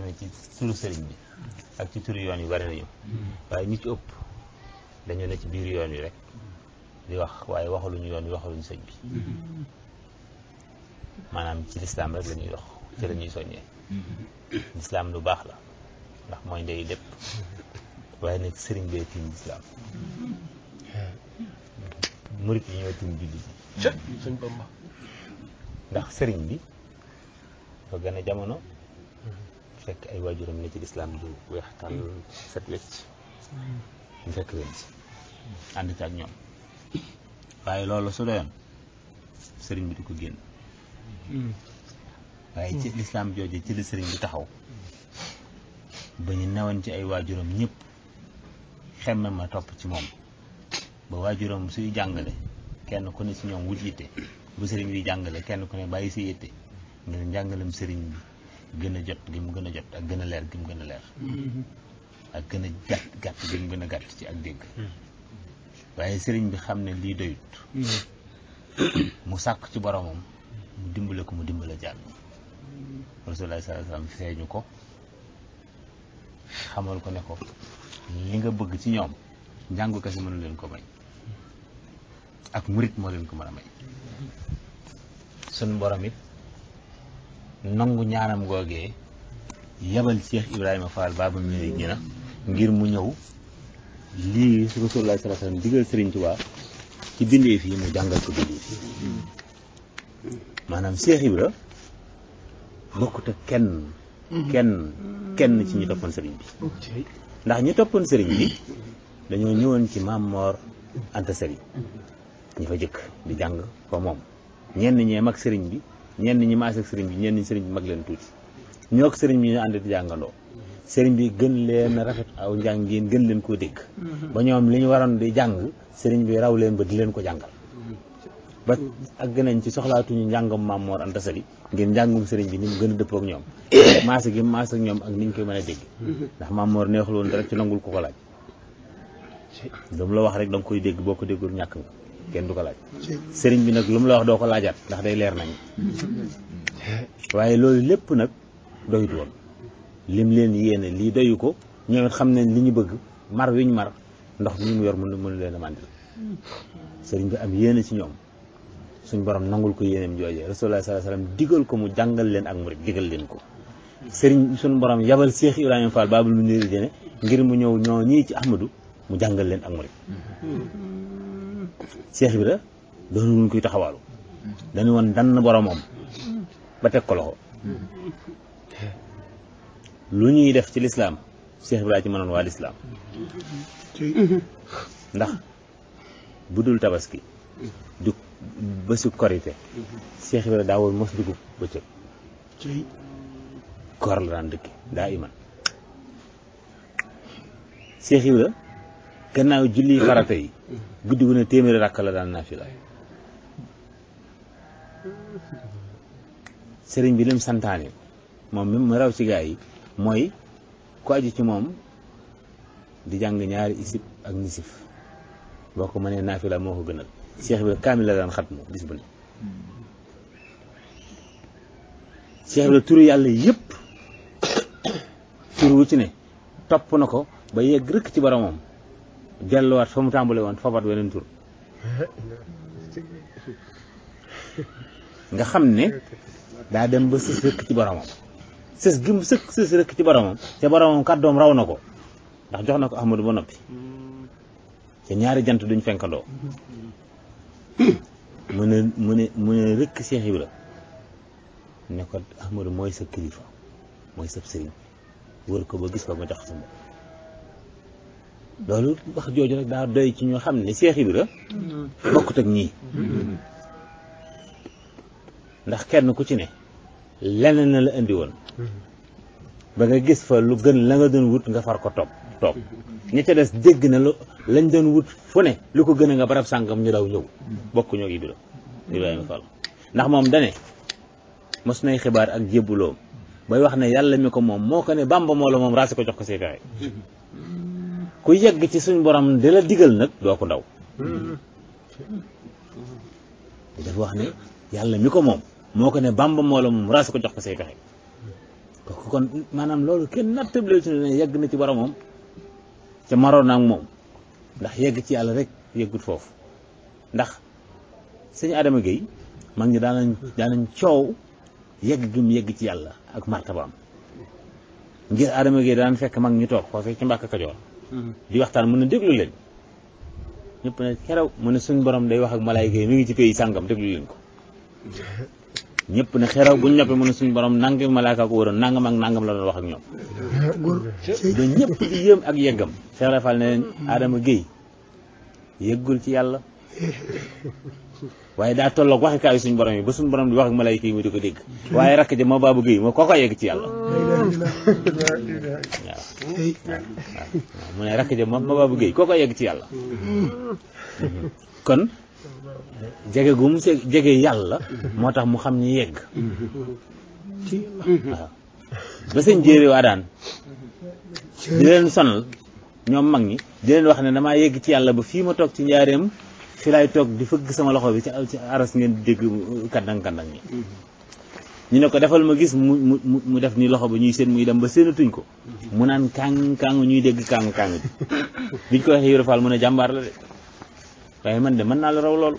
jëmee ci turu sëriñ bi ak ci turu yoon yu bari nañu waaye ñi ci ëpp dañu ne ci biir yoon yi rek di wax waaye waxaluñu yoon yi waxaluñu sëñ bi maanaam ci lislaam rek la ñuy dox ci la soññee lislaam lu baax la ndax mooy ndey lépp waaye nag sëriñ bee tiim lislaam murit yi ñoo tiim julli ji ndax sëriñ bi dafa gën a jamono fekk ay waajuram ne ci lislaam du weex tàll set wecc ñu fekk leen si ànd ci ak ñoom waaye loolu su doyoon sëriñ bi di ko génn waaye ci lislaam jooje ci la sëriñ bi taxaw ba ñu newoon ci ay waajuram ñëpp xemme ma topp ci moom ba waajuram suy jàngale kenn ku ne si ñoom wut yitte bu sëriñ bi jàngale kenn ku ne bàyyi si yitte ngir njàngalem sëriñ bi gën a jot gi mu gën a jot ak gën a leer gi mu gën a leer mm-hmm. ak gën a gàtt gi mu gën a gàtt ci ak dégg mm-hmm. waaye sëriñ bi xam ne lii doyut mm-hmm. mu sàkk ci boromam mu dimbale ko mu dimbale jàll rasulullah sallallahu alayhi wasallam ko xamal ko ne ko li nga bëgg ci ñoom njàngu kese mënu leen ko may ak murit moo leen ko mën a may sun borom nangu ñaanam googee yabal Cheikh Ibrahima Fall Baaba Mouridina ngir mu ñëw lii Rasulullah sallallahu alayhi wa sallam digal Sëriñ Tuubaa ci bindee fii mu jàngal ko bindee fii maanaam Cheikh Ibra bokkut kenn kenn kenn ci ñu toppoon sëriñ bi ndax ñu toppoon sëriñ bi dañoo ñëwoon ci Maam Moor Anta Sali ñi fa jëkk di jàng fa moom ñenn ñee mag sëriñ bi ñen ñi ma ak sëriñ bi ñen ñi sëriñ bi mag leen tuuti ñok sëriñ bi ñu ànd di sëriñ bi gën leen rafet aw njàngin gën leen ko dégg mm-hmm. ba ñoom li ñu waroon di jang sëriñ bi raw leen ba di leen ko jangal mm-hmm. ba ak gënañ ci ñu jangam maam Mor Anta Sali ngeen jangum sëriñ bi ni mu gën depp ak ñoom maase gi maase ak ñoom ak niñ koy mëna dégg mm-hmm. ndax maam Mor neexul won dara ci nangul ko ko laaj dum la wax rek dang koy dégg boko déggul ñak nga kenn du ko laaj sëriñ bi nag lu mu la wax doo ko laajaat ndax day leer nañ waaye loolu lépp nag doyut woon lim leen yéene lii doyu ko ñoom it xam nañ li ñu bëgg mar wiñ mar ndox mi mu yor mën mënu leen a màndil sëriñ bi am yéene ci ñoom suñ borom nangul ko yéeneem joojee rasulullah sallallahu alayhi wasallam digal ko mu jàngal leen ak murid digal leen ko sëriñ suñu borom yabal Cheikh Ibrahima Fall Babul Munir ngir mu ñëw ñoo ñii ci Ahmadu mu jàngal leen ak seex Ibra doonu luñ koy taxawaalu mm-hmm. dañu woon dann boromam ba teg ko loxo mm-hmm. lu ñuy def ci lislaam Cheikh Ibra ci mënoon waa lislaam mm-hmm. ndax bu dul tabaski du bésu korite Cheikh Ibra daa woon mos dugub bëccëg koor la daan dëkki daa iman Cheikh Ibra gannaaw julli farata yi guddi gu ne téeméeri rakk la daan naafila sëriñ bi lim santaane moom mu raw ci gaa yi mooy ku aju ci moom di jàng ñaari isib ak nisif boo ko mënee naafila moo ko gënal Cheikh bi kaamil la daan xatmu bis bu ne Cheikh bi turu yàlla yëpp tur wu ci ne topp na ko ba yegg rëkk ci baramam delluwaat fa mu tàmbale woon fabat weneen tur nga xam ne daa dem ba sës rëkk ci boromam sës gi mu sëkk sës rëkk ci boromam te boromam kàddoom raw na ko ndax jox na ko ahmadu ba noppi te ñaari jant duñ fenkandoo mu ne mu ne mu ne rëkk Cheikh Ibra ne ko ahmadu mooy sa kilifa mooy sab sëriñ wër ko ba gis ko ba jox sa bopp loolu wax jooju rek daa doy ci ñoo xam ni Seex Ibra bokkut ak ñii ndax kenn ku ci ne leneen na la indi woon ba nga gis fa lu gën la nga doon wut nga far ko toog topp ñi ca des dégg na lu lañ doon wut fu ne lu ko gën a nga barab sàngam ñu daw ñëw bokk ñoo Ibra Ibrahima ndax moom dane mos nay xibaar ak jébbuloom bay wax ne yàlla mi ko moom moo ko ne Bàmba moo la moom raasi ko jox ko say fexe ku yegg ci suñ borom di la digal nag doo ko daw mm-hmm. dafa wax ne yàlla mi ko moom moo ko ne bamba moo la moom raas ko jox ko say pexe mm-hmm. kooku kon maanaam loolu kenn nattable ci ne yegg na ci boromam ca maroon ak moom ndax yegg ci yàlla rek yeggut foofu ndax sëñ Adama Gueye mag ñi daan nañ daan nañ coow yegg gi mu yegg ci yàlla ak martabaam ngir Adama Gueye daan fekk mag ñi toog foofee ci Mbàkke Kajoor di waxtaan mën na déglu leen ñëpp ne keroog mu ne suñ borom day wax ak malaayka yi mi ngi ci pays sàngam déglu leen ko ñëpp na xeraw bu ñu noppee mu ne suñu borom nangi malaaka ko waroon nangam ak nangam la doon wax ak ñoom ba ñëpp di yéem ak yeggam Cheikh ne Adama Guèye yëggul ci yàlla waye da tolok waxi kaayu suñu borom yi ba suñu borom di wax ak malaika yi mu diko deg waye rak rakk ja ma baabu géy ma yegg ci yalla ne ja mo babu koko yegg ci yalla kon jege gum se jege yalla motax mu xam ni yegg ba seen jere wa daan di len sonal ñom mag ni di len wax ne dama yegg ci yalla ba fi ma tok ci ñaarem fi laay toog di fëgg sama loxo bi ci aras ngeen deg kandang-kandang ni ñu ne ko defal ma gis mu mu def ni loxo ba ñuy seen muy dem ba séenatuñ ko mu naan kang kang ñuy deg kang kang bi ko waxe Ibra fal mu ne jambar la de way man de man na la raw lol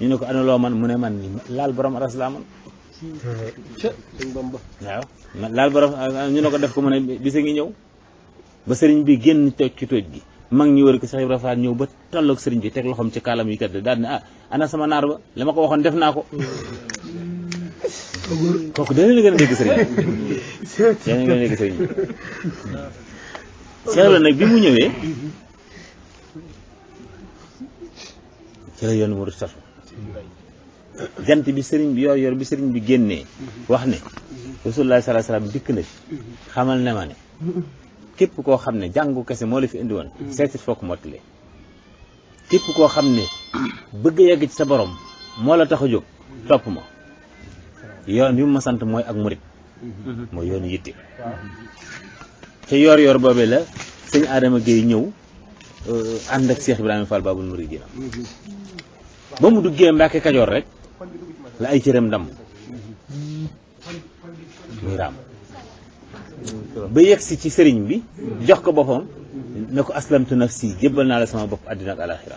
ñu ne ko ana lo man mu ne man lal borom aras la man lal borom ñu ne ko def ko mu ne se ngi ñew ba serigne bi genn tok ci toj gi mag ñu wër ko Cheikh Ibrahima ñew ba tollok serigne bi tek loxom ci kalam yi kat daal ah ana sama nar ba lama ko waxon def nako ko ko dana la gën a dégg sëriñ dana gën dégg Cheikh Ibrahima bi mu ñëwee ci la yoon murid jant bi serigne bi yor yor bi serigne bi génnee wax né rasulullah sallallahu alaihi wasallam dik na xamal ne ma képp koo xam ne jàngu kese moo la fi indi woon mm. seesit foo ko mottali képp koo xam ne bëgg yegg ci sa borom moo la tax a jóg topp ma yoon yu ma sant mooy ak murit mm-hmm. mooy yoonu yitte ca yoor yoor boobee la sëñ Adama Gueye ñëw euh, ànd ak Cheikh Ibrahima Fall Babul Mouridina mm-hmm. ba mu duggee Mbàkke Kajoor rek la ay cëram ndam mm-hmm. muy raam ba yegsi ci sëriñ bi jox ko boppam ne ko nag nafsi jébbal naa la sama bopp àddina ak alaxira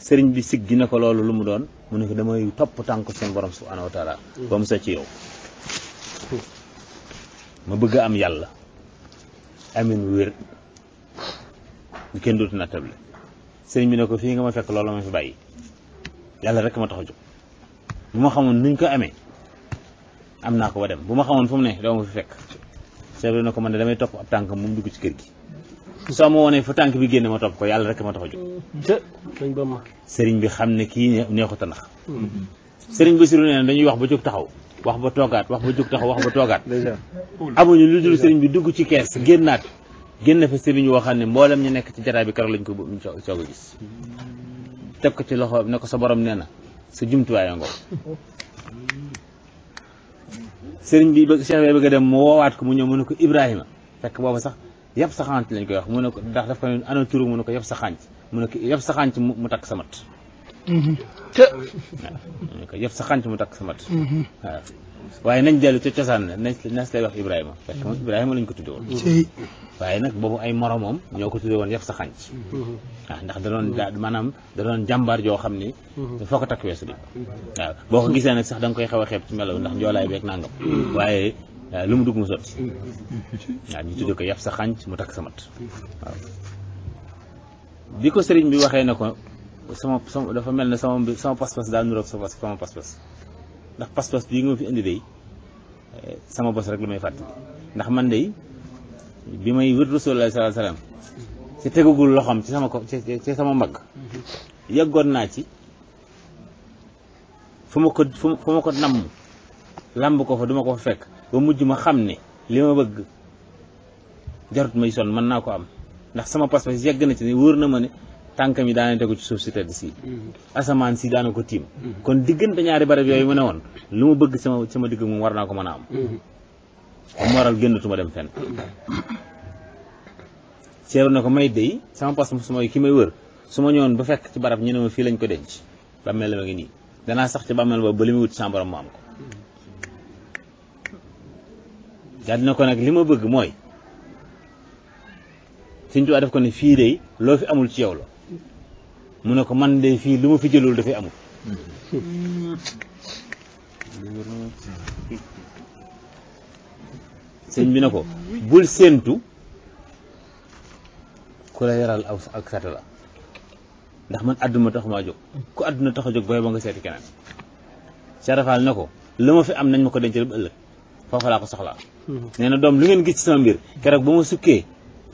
sëriñ bi siggi na ko loolu lu mu doon mu ne ko damay topp tànk seen borom subhanahu wa ba mu sa ci yow ma bëgg am yàlla amin wér bu kenn dootu na table sëriñ bi ne ko fii nga ma fekk loolu ma fi bàyyi yàlla rek ma tax a jóg bu ma xamoon nuñ ko amee am naa ko ba dem bu ma xamoon fu mu ne doo ma fi fekk seetlu na ko man ne damay topp ab tànk moom dugg ci kër gi soo ma wonee fa tànk bi génne ma topp ko yàlla rek ma tax a jóg sëriñ bi xam ne kii neexut a nax hmm. sëriñ Basiru nee na dañuy wax ba jóg taxaw wax ba toogaat wax ba jóg taxaw wax ba toogaat amuñu lu dul sëriñ bi dugg ci kees génnaat génn fa sëriñ woo xam ne mboolem ñu nekk ci jataay bi keroog lañ ko soog a gis teg ko ci loxo ne sa boroom nee na sa jumtuwaay ngoo sëriñ bi bëgg Cheikh bi bëgg a dem mu woowaat ko mu ñëw mu ne ko Ibrahima fekk boobu sax yab saxaant lañ koy wax mu ne ko ndax daf ko anoon turu mu ne ko yab saxaant mu ne ko yab saxaant mu takk samat të ko yëf sa xànc mu takk sa mat mhm. waaw waaye nañ dellu ca cosaan la nañ nas lay wax ibrahima fekk moom ibrahima lañ ko tudde woon waaye nag boobu ay moromam ñoo ko tudde woon yëf sa xànc mhm. waaw ndax da doon maanaam da jàmbaar joo xam ni mhm. foo ko takk weesu bi waaw boo ko gisee nag sax da nga koy xaw a xeeb ci melaw ndax njoolaay beeg nangam waaye waaw lu mu dugg mu sotti waaw ñu tudde ko yaf sa xànc mu takk sa mat waaw bi ko sëriñ bi waxee na ko sama sama dafa mel ne sama sama pas-pas daa nuroog sa sama pas-pas ndax pas-pas bii nga fi indi day eh, sama bos rek la may fàttali ndax man day bi may wër Rasulullah sallallahu alayhi wasallam ci tegagul loxoom ci sama ko ci sama mbagg naa ci fu ma ko fu ma ko namm làmb ko fa duma ko fa fekk ba mujj ma xam ne li ma bëgg jarut may sonn mën naa ko am ndax sama pas yegg na ci ne wóor na ma ne tanka mi te mhm. ko ci société de ci asaman si daana ko tim mhm. kon digënté ñaari barab yoy mu ne lu bëgg sama sama digg mu warna ko mëna am mu mhm. waral dem fenn na may dey sama pas sama mooy ki may wër suma ma ba fekk ci barab ñu ne ma fii lañ ko denc bàmmeel la ma ngi ni dana sax ci ba mel ba ba limi wut sama borom am ko dal nako nak lima bëgg moy def ko dey lo fi amul ci yow la mu ne ko man de fii lu ma fi jëlul dafay amul sëñ bi ne ko bul séentu ku la yaral aw ak satala ndax man àdduna tax maa jóg ku àdduna tax a jóg booy ba nga seeti keneen sarafaal na ko lu ma fi am nañ ma ko dencal ba ëllëg foofa laa ko soxlaa nee na doom lu ngeen gis ci sama mbir keroog ba ma sukkee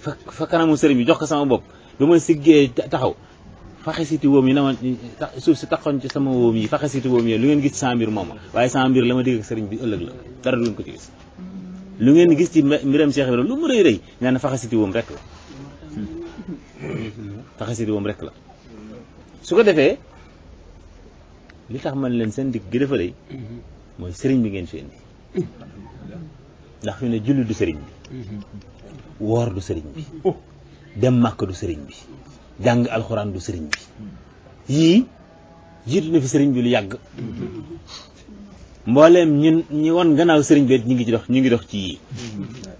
fa fa kanamu sëriñ bi jox ko sama bopp ba ma siggee taxaw faxasiti woom yi nawoon suuf si taxoon ci sama woom yi faxasiti woom yi lu ngeen gis sa mbir moom waaye sa mbir la ma dégg ak sëriñ bi ëllëg la dara du ko ci gis lu ngeen gis ci mbiram Cheikh Ibrahima lu mu rëy rëy nee na faxasiti woom rek la faxasiti woom rek la su ko defee li tax man leen seen dig gi dafa rëy mooy sëriñ bi ngeen fi indi ndax fi ne du sëriñ bi woor du sëriñ bi dem màkk du sëriñ bi jang alquran du sëriñ bi yi jiitu na fi sëriñ bi lu yag mbollem ñun ñi won gannaaw sëriñ bi ñi ngi ci dox ñi ngi dox ci yi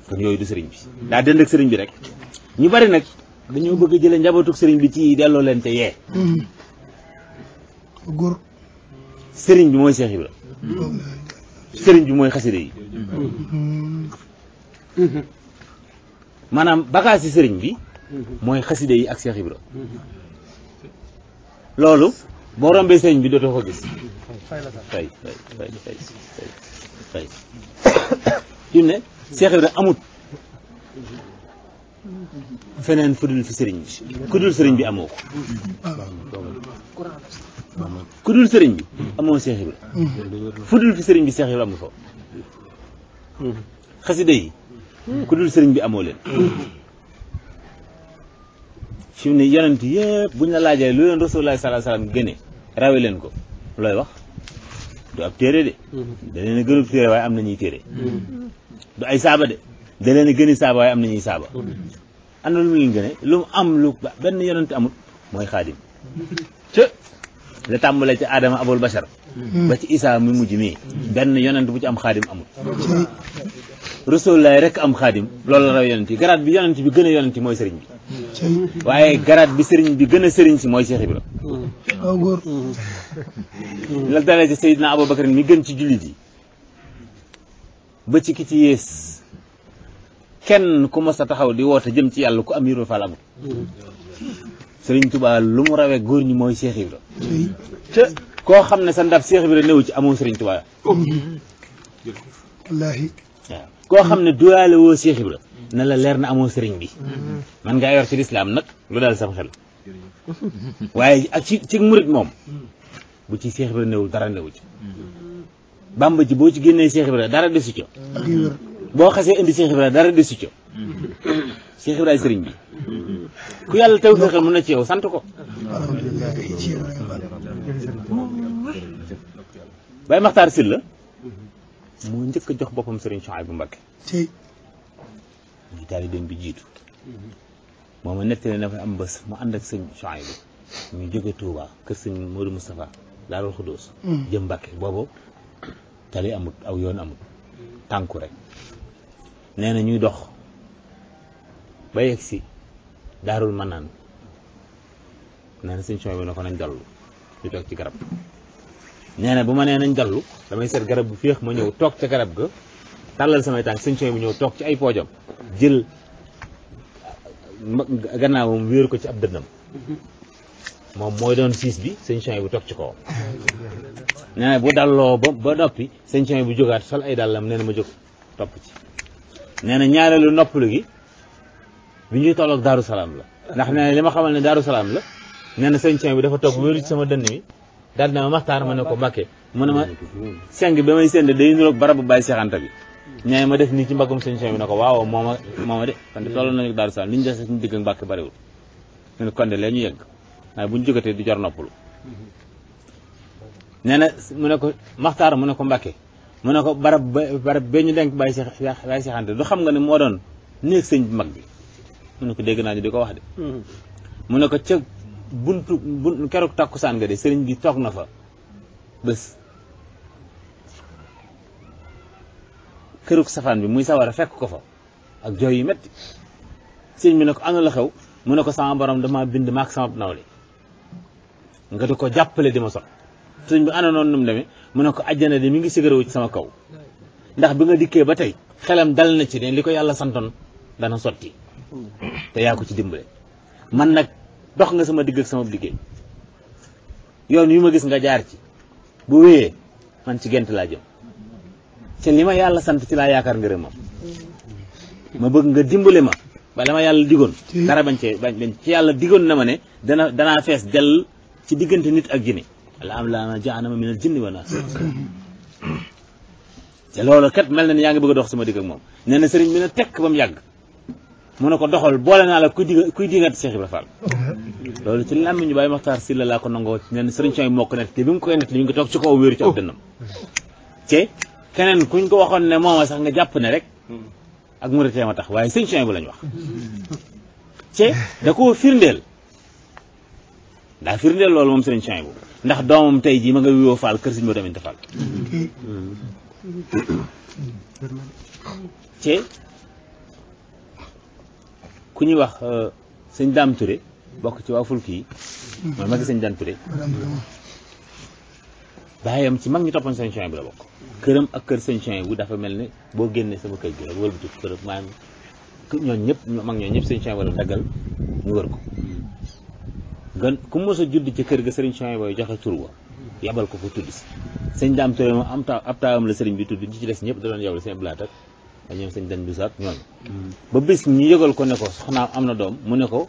kon yoy du sëriñ bi da dënd ak sëriñ bi rek ñu bari nak dañu bëgg jël njabootuk sëriñ bi ci delo leen ca yee góor bi moy cheikh Ibra sëriñ bi moy yi mm-hmm. manam bagage bi mooy xaside yi ak Cheikh Ibra loolu boo rombee sëñ bi dootoo ko gis fay fay fay fay fay fi mu ne Cheikh amut feneen fudul fi sëriñ bi kudul sëriñ bi amoo ko kudul sëriñ bi amoo Cheikh Ibra fudul fi sëriñ bi Cheikh Ibra amu fa xaside yi kudul sëriñ bi amoo leen fi mu ne yonent bu buñ la laajee lu leen rasulullah sallallahu alayhi wasallam gëne rawe leen ko looy wax du ab téere de mm-hmm. da leen a téere waaye am na ñuy téere mm-hmm. du ay saaba de da leen a gëni saaba waaye am na ñuy saaba am mm-hmm. na lu mu leen gëne lu mu am lu benn yonent amul mooy xaadim ca la tàmbalee ci Adama abul bashar ba ci isaa mi mujj mii benn yonent bu ci am xaadim amul rasulilaay rek am xaadim loolu la raw yonent yi garaat bi yonent bi gën a yonent mooy sëriñ bi waaye garaat bi sëriñ bi gën a sëriñ si mooy Cheikh bi la dalee ci Seydina Aboubacar mi gën ci jullit ci ki ci yées kenn ku mos a taxaw di woote jëm ci yàlla ku am yuró faal amul sëriñ Tuubaa lu mu rawee góor ñi mooy Cheikh Ibra koo xam ne sa ndab bi Ibra néew ci amoo sëriñ Tuubaa waaw koo xam ne duyaale woo Seex Ibra na la leer na amoo sëriñ bi man ngaa yor ci lislaam nag lu daal sam xel waaye ak ci ci murit moom bu ci Seex Ibra newul dara newu ci bàmba ji boo ci génnee Seex Ibra dara desu co boo xasee indi Seex Ibra dara desu co Seex Ibra sëriñ bi ku yàlla taw fexal mun na ci yow sant ko bay maxtaar sil moo njëkk a jox boppam Serigne Souhaïbou Mbacké muy taalibeem bi jiitu moom ma nettali ne dafa am bés mu ànd ak sëñ Souhaïbou ñu jóge tuuba kër sëñ Modou Moustapha Daarul Xudoos mm. jëm Mbacké boobu tali amut aw yoon amut tànku rek nee na ñuy dox ba yegg si Daarul Manaan nee na sëñ Souhaïbou ne ko nañ dallu ñu toog ci garab neena buma bu ma nañ dallu damay set garab bu feex ma ñew tok ci garab ga talal sama tank señ sooy bu ñew tok ci ay poojam jël mu wër ko ci ab dënnam moom doon fils bi señ sooy bu tok ci ko neena bu dallo ba ba noppi sëñ bu jogat sol ay dalam neena ma jog top ci nee na ñaareelu noppalu gi bi ñuy tolok daaru la ndax neena lima xamal ne daaru la neena señ sëñ bu dafa toog wër ci sama dënn mi dal na ma mané ko mbakke mu ma seng bi may sende day ñu lok barabu bàyyi seexanta bi ñay ma def ni ci seigne cheikh bi nako waaw moma moma de kon de tollu nañu daaru sal li ñu ci digg ak bari wu ñu kon de lañu yegg ay buñu bu ñu jógatee du jar noppalu nee na ko maxtaar mu ko mbakke mu ko barab barab bee ñu denk bàyyi seex bàyyi seexanta du xam nga ni mo doon néeg seigne bi mag bi mu ne ko dégg naa ñu di wax de hmm. mu ne ko ca buntu buntu keroog takkusaan nga de sëriñ bi toog na fa bés kërug safaan bi muy sawara fekk ko fa ak jooy yi metti sëriñ bi ne ko ana la xew mu ne ko sama borom dama bind maak sama nawle nga di ko jàppale di ma sot sëriñ bi ana noonu nu mu demee mu ne ko ajjana de mi ngi sigarawu ci sama kaw ndax bi nga dikkee ba tey xelam dal na ci ne li ko yàlla santoon dana sotti te yaa ko ci dimbale man nag dox nga sama digg sama liggéey yoon yu ma gis nga jaar ci bu wéyee man ci gënt la jëm ci lima yalla sant ci la yaakar ngërëmam ma bëgg nga dimbalé ma ba lama yalla digoon dara bañ ci bañ ci yalla digoon na ma né dana danaa fess del ci diggante nit ak jinne wala am jaana ma min al jinni wa nas ci lolu kat mel na ne bëgg dox sama digg ak mom sering na sëriñ bi ne mu ne ko doxal boole naa la kuy di kuy dingat Cheikh Ibra Fall mm-hmm. loolu ci làmmiñu Baye Makhtar Sylla laa ko nangoo ci nen sëriñ Coy moo ko nekk te bi mu koy nekk ñu ngi toog ci kaw wéeru ci mm-hmm. keneen kuñ ko waxoon ne mooma sax nga jàpp ne rek mm-hmm. ak mu ritee a tax waaye sëriñ Coy bu lañ wax te da koo firndeel ndax firndeel loolu moom sëriñ Coy bu ndax doomam tey jii ma nga wuyoo Fall kër siñ moo tamit Fall te ku ñuy wax euh, sëñ Dame Touré bokk ci waa Fulki yi mooy magi sëñ Dame Touré baayam ci mag ñu ñi toppoon sëñ bi la bokk këram ak kër sëñ Chouaïbou dafa mel ni boo génnee sama kër gi rek wëlbatu këram maanaam ñooñu ñëpp mag ñooñu ñëpp sëñ Chouaïbou la daggal ñu wër ko gan ku ci kër gi sëriñ Chouaïbou booy joxe tur wa yabal ko fu tudd si sëñ Dame Touré moom am ta ab taawam la sëriñ bi tudd ñi ci des ñëpp da doon yow la seen blaat ak ak ñoom sëñ dan bisaak ñooñu ba bis ñu yëgal ko ne ko soxnaam am na doom mu ne ko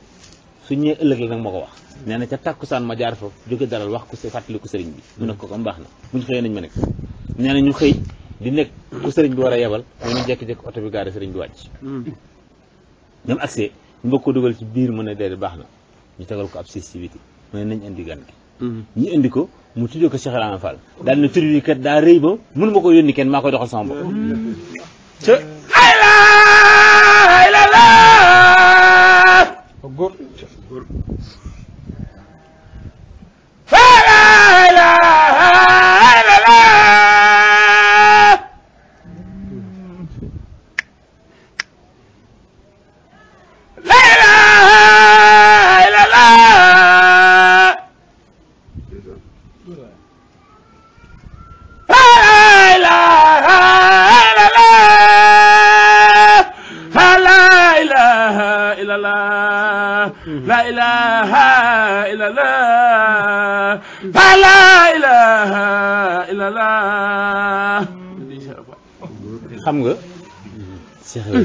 suñ ñee ëllëg la nag moo ko wax nee na ca tàkkusaan ma jaar fa jóge dalal wax ko fàttali ko sëriñ bi mu ne ko comme baax na buñ xëyee ma nekk nee na ñu xëy di nekk ku sëriñ a yebal mu ne jekki-jekki oto bi gaare sëriñ bi wàcc ñoom mm. accès ñu bëgg ko dugal ci biir mu ne déedéet baax na ñu tegal ko ab siis ci biti mu ne nañ indi gan gi mm. ñu indi ko mu tuddee ko Cheikh Ibrahima Fall daal na tur bi kat daa rëy ba mënu ma ko yónni kenn maa koy doxal sama bopp mm. hayla hayla la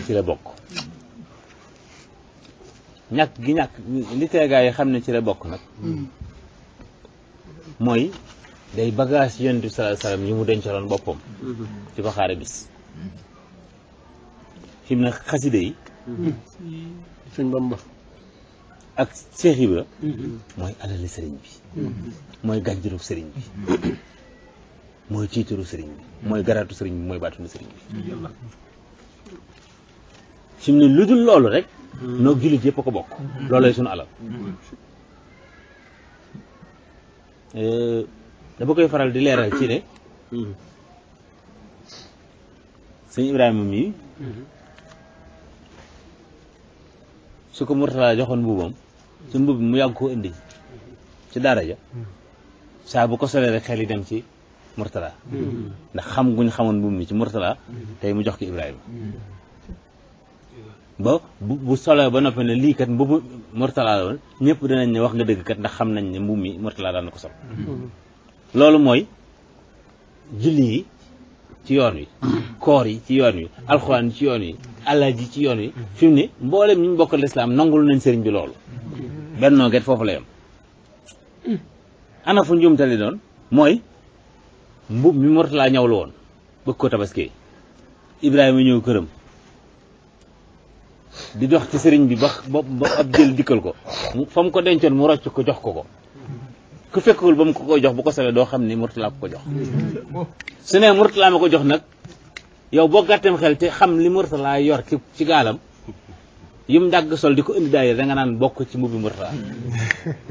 ci la bokk ñàkk gi ñàkk li tee yi xam ne ci la bokk nag mooy day bagage yonent bi sallallahu alayhi yi mu dencaloon boppam ci baxaare bis fi ne xaside yi sëñ Bamba ak Cheikh Ibra mm-hmm. mooy alali sëriñ bi mooy gànjaru sëriñ bi mm-hmm. mooy tiitaru sëriñ bi mooy garaatu sëriñ bi mooy baatunu sëriñ bi mm-hmm. fi mu ne lu dul loolu rek hmm. noo jullit yëpp ko bokk hmm. loolooy suñu alal hmm. eh, dama koy faral di leeral ci ne sëñ Ibrahima mii su ko Murtala joxoon mbuubam su mbuub mu yàgg koo indi ci daara ja saa bu ko solee rek xel yi dem ci Murtala ndax xam guñ xamoon mbuub mi ci Murtala tey mu jox ko Ibrahima ba bu bu solee ba noppi ne liikat kat mbubu mortala la woon ñëpp dinañ ne wax nga dëgg kat ndax xam nañ ne mbubb mi mortala daan ko sol mm-hmm. loolu mooy julli yi ci yoon wi mm-hmm. koor yi ci yoon wi alxuraan ci yoon wi alaaji yi ci yoon wi fi mu ne mboolem ñu bokkal lislaam nañ sëriñ bi loolu mm-hmm. bennoo foofu la yam ana fu njuumtali mooy mbub mi mortala ñaw la woon bëgg ko ibrahim ibrahima ñëw këram di dox ci sëriñ bi ba ba ab jël dikkal ko fa mu ko dencoon mu rocc ko jox ko ko ku fekkul ba mu ko koy jox bu ko sawee doo xam ni murtalaa ko ko jox su ne murtalaa ma ko jox nag yow boo gàtteem xel te xam li murtalaa yor ci ci gaalam yi mu dàgg sol di ko indi daay da nga naan bokk ci mbubbi murtalaa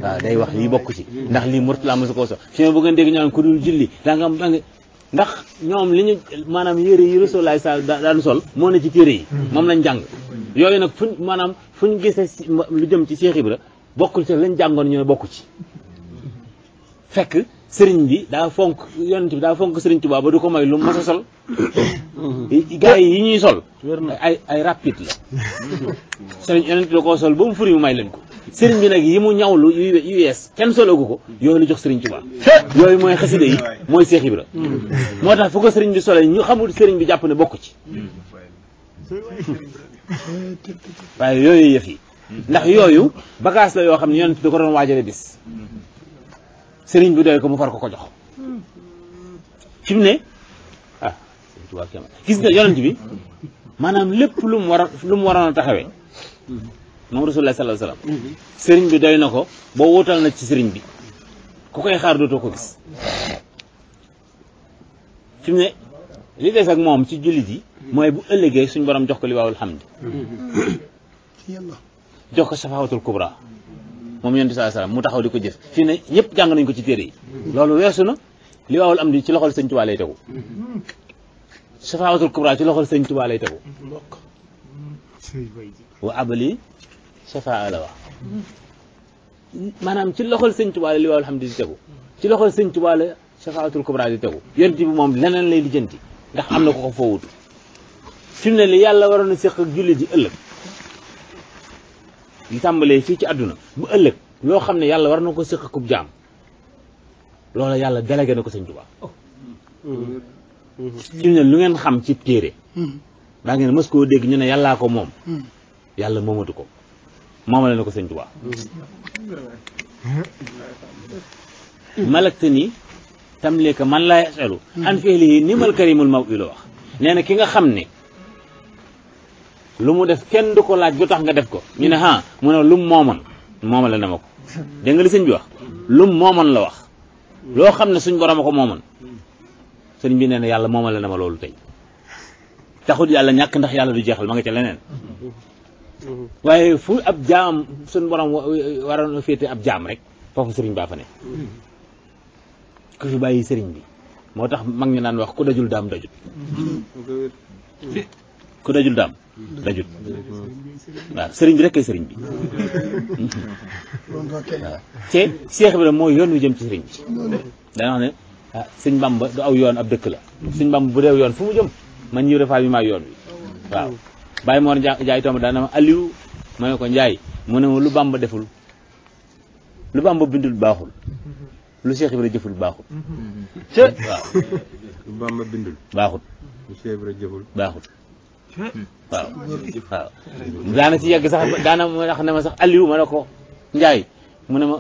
waaw day wax lii bokk ci ndax lii murtalaa mosu koo sol fi ne bu ngeen dégg ñaan ku dul julli daa nga ndax ñoom li ñu maanaam yére yi Rasulullah sa daan sol moo ne ci téere yi hmm. moom lañ jàng yooyu nag fu maanaam fu ñu gisee lu jëm ci Cheikh Ibra bokkul ci lañ jàngoon ñu ne bokku ci fekk sëriñ bi daa fonk yonent bi daa fonk sëriñ Tuubaa ba du ko may lu mas a sol gars yi ñuy sol ay ay rapide la sëriñ yonent da koo sol ba mu furi mu may leen ko sëriñ bi nag yi mu ñaw yu yees kenn sologu ko yooyu lu jox sëriñ Tuubaa yooyu mooy xasida yi mooy Seex Ibra mm. moo tax fu ko sëriñ bi solee ñu xamul sëriñ bi jàpp ne bokk ci mm. waaye yooyu yëf yi ndax yooyu bagage la yoo xam ne yonent da ko doon waajale bis sëriñ bi doy ko mu far ko ko jox fi mu ne ah gis nga yonent bi maanaam lépp lu mu war waroon a taxawee moom rasulullah sallallahu alayhi wasallam sëriñ bi doy na ko boo wóotal na ci sëriñ bi ku koy xaar dootoo ko gis fi ne li des ak moom ci jullit yi mooy bu ëllëgee suñ borom jox ko liwaawul hamd jox ko safaawatul kubra moom yonent bi sallallahu alayhi wasallam mu taxaw di ko jëf fii ne ñëpp jàng nañ ko ci téere yi loolu weesu na li waawul am di ci loxol sëñ Tuubaa lay tegu safaawatul kubra tegu wa la wax maanaam ci loxol sëñ Tuubaa la sa waawul am di tegu ci loxol sëñ Tuubaa la safaawatul kubra di tegu bi moom leneen lay lijjanti ndax am na ko ko foowut fi mu li yàlla waroon a séq julli ji ëllëg di tàmbalee fii ci àdduna bu ëllëg loo xam ne yàlla war na ko sëq kub jaam loola yàlla délégué na ko sëñ Tuubaa ñu lu ngeen xam ci téere daa ngeen mës koo dégg ñu ne yàllaa ko moom moomatu ko moomale ko sëñ Tuubaa malakta ni tam leeka man laay selu an fihlihi nimal karimul maw ilo wax nee ki nga xam ne lu mu def kenn du ko laaj lu tax nga def ko ñu ne ah mu ne lum moomoon moomale na ko dégg nga li sëñ bi wax lum moomoon la wax loo xam ne suñ borom a ko moomoon sëñ bi nee na yàlla moomale na ma loolu tey taxul yàlla ñàkk ndax yàlla du jeexal ma nga ca leneen waaye fu ab jaam suñ borom waroon a féete ab jaam rek foofu sëriñ baa fa ne ku fi bàyyi sëriñ bi moo tax mag ñu naan wax ku dajul daam dajul ku dajul daam dajul waaw sëriñ bi rek kay sëriñ bi waaw te seex bi nag mooy yoon wi jëm ci sëriñ bi dana wax ne ah, sëñ Bamba du aw yoon ab dëkk la sëñ Bamba bu deew yoon fu mu jëm man ñëw defaat bi maa yoon wi waaw Baye Mor Njaay tomb daan na ma Aliou ne ko Njaay mu ne ma lu Bamba deful lu Bamba bindul baaxul lu bi Ibra jëful baaxul mm-hmm. te waaw lu Bamba bindul baaxul lu Cheikh Ibra jëful baaxul waaw waaw daana ci yegg sax daana ma wax ne ma sax Aliou ma ne ko Ndiaye mu ne ma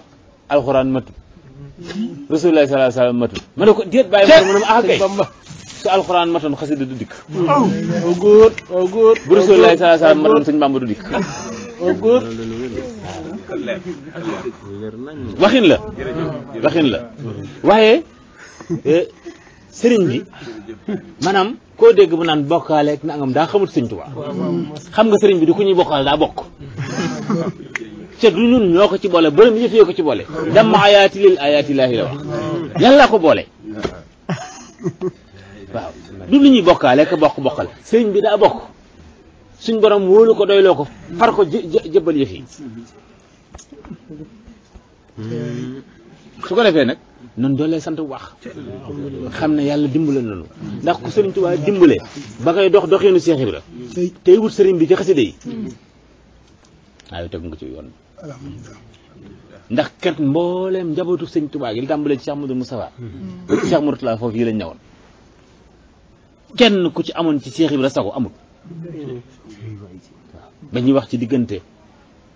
alxuraan matu rasulullah sallallahu alayhi wasallam matu ma ne ko déet bàyyi ma mu ne ma ah kay su alxuraan matoon xasida du dikk aw oh góor aw oh góor bu rasulullah sallallahu alayhi wasallam du dikk oh waxin la waxin la waaye eh, sëriñ bi maanaam koo dégg bu naan bokkaaleeg nangam daa xamut sëñ Tuubaa xam nga sëriñ bi du ko ñuy bokkaal daa bokk ca du ñun ñoo ko ci boole borom yëf yoo ko ci boole dama ayaati lil laahi la wax yàlla ko boole waaw du lu ñuy bokkaale ka bokk bokkal sëriñ bi daa bokk suñ borom wóolu ko doyloo ko far ko jëbbal yëf yi hmm. ko defee nag noonu doole sant bu baax xam ne yàlla dimbale nañu ndax ku sëriñ Tuubaa dimbale ba ngay dox dox yoonu Seex tey wut sëriñ bi ci xasida yi hmm. tegu nga ci yoon ndax kat mbooleem njabootu sëriñ Tuubaa gi li ci Cheikh Modou Moustapha hmm. Cheikh Mourtala foofu yi kenn ku ci amoon ci Seex Ibra sago amul hmm. ba ñuy wax ci diggante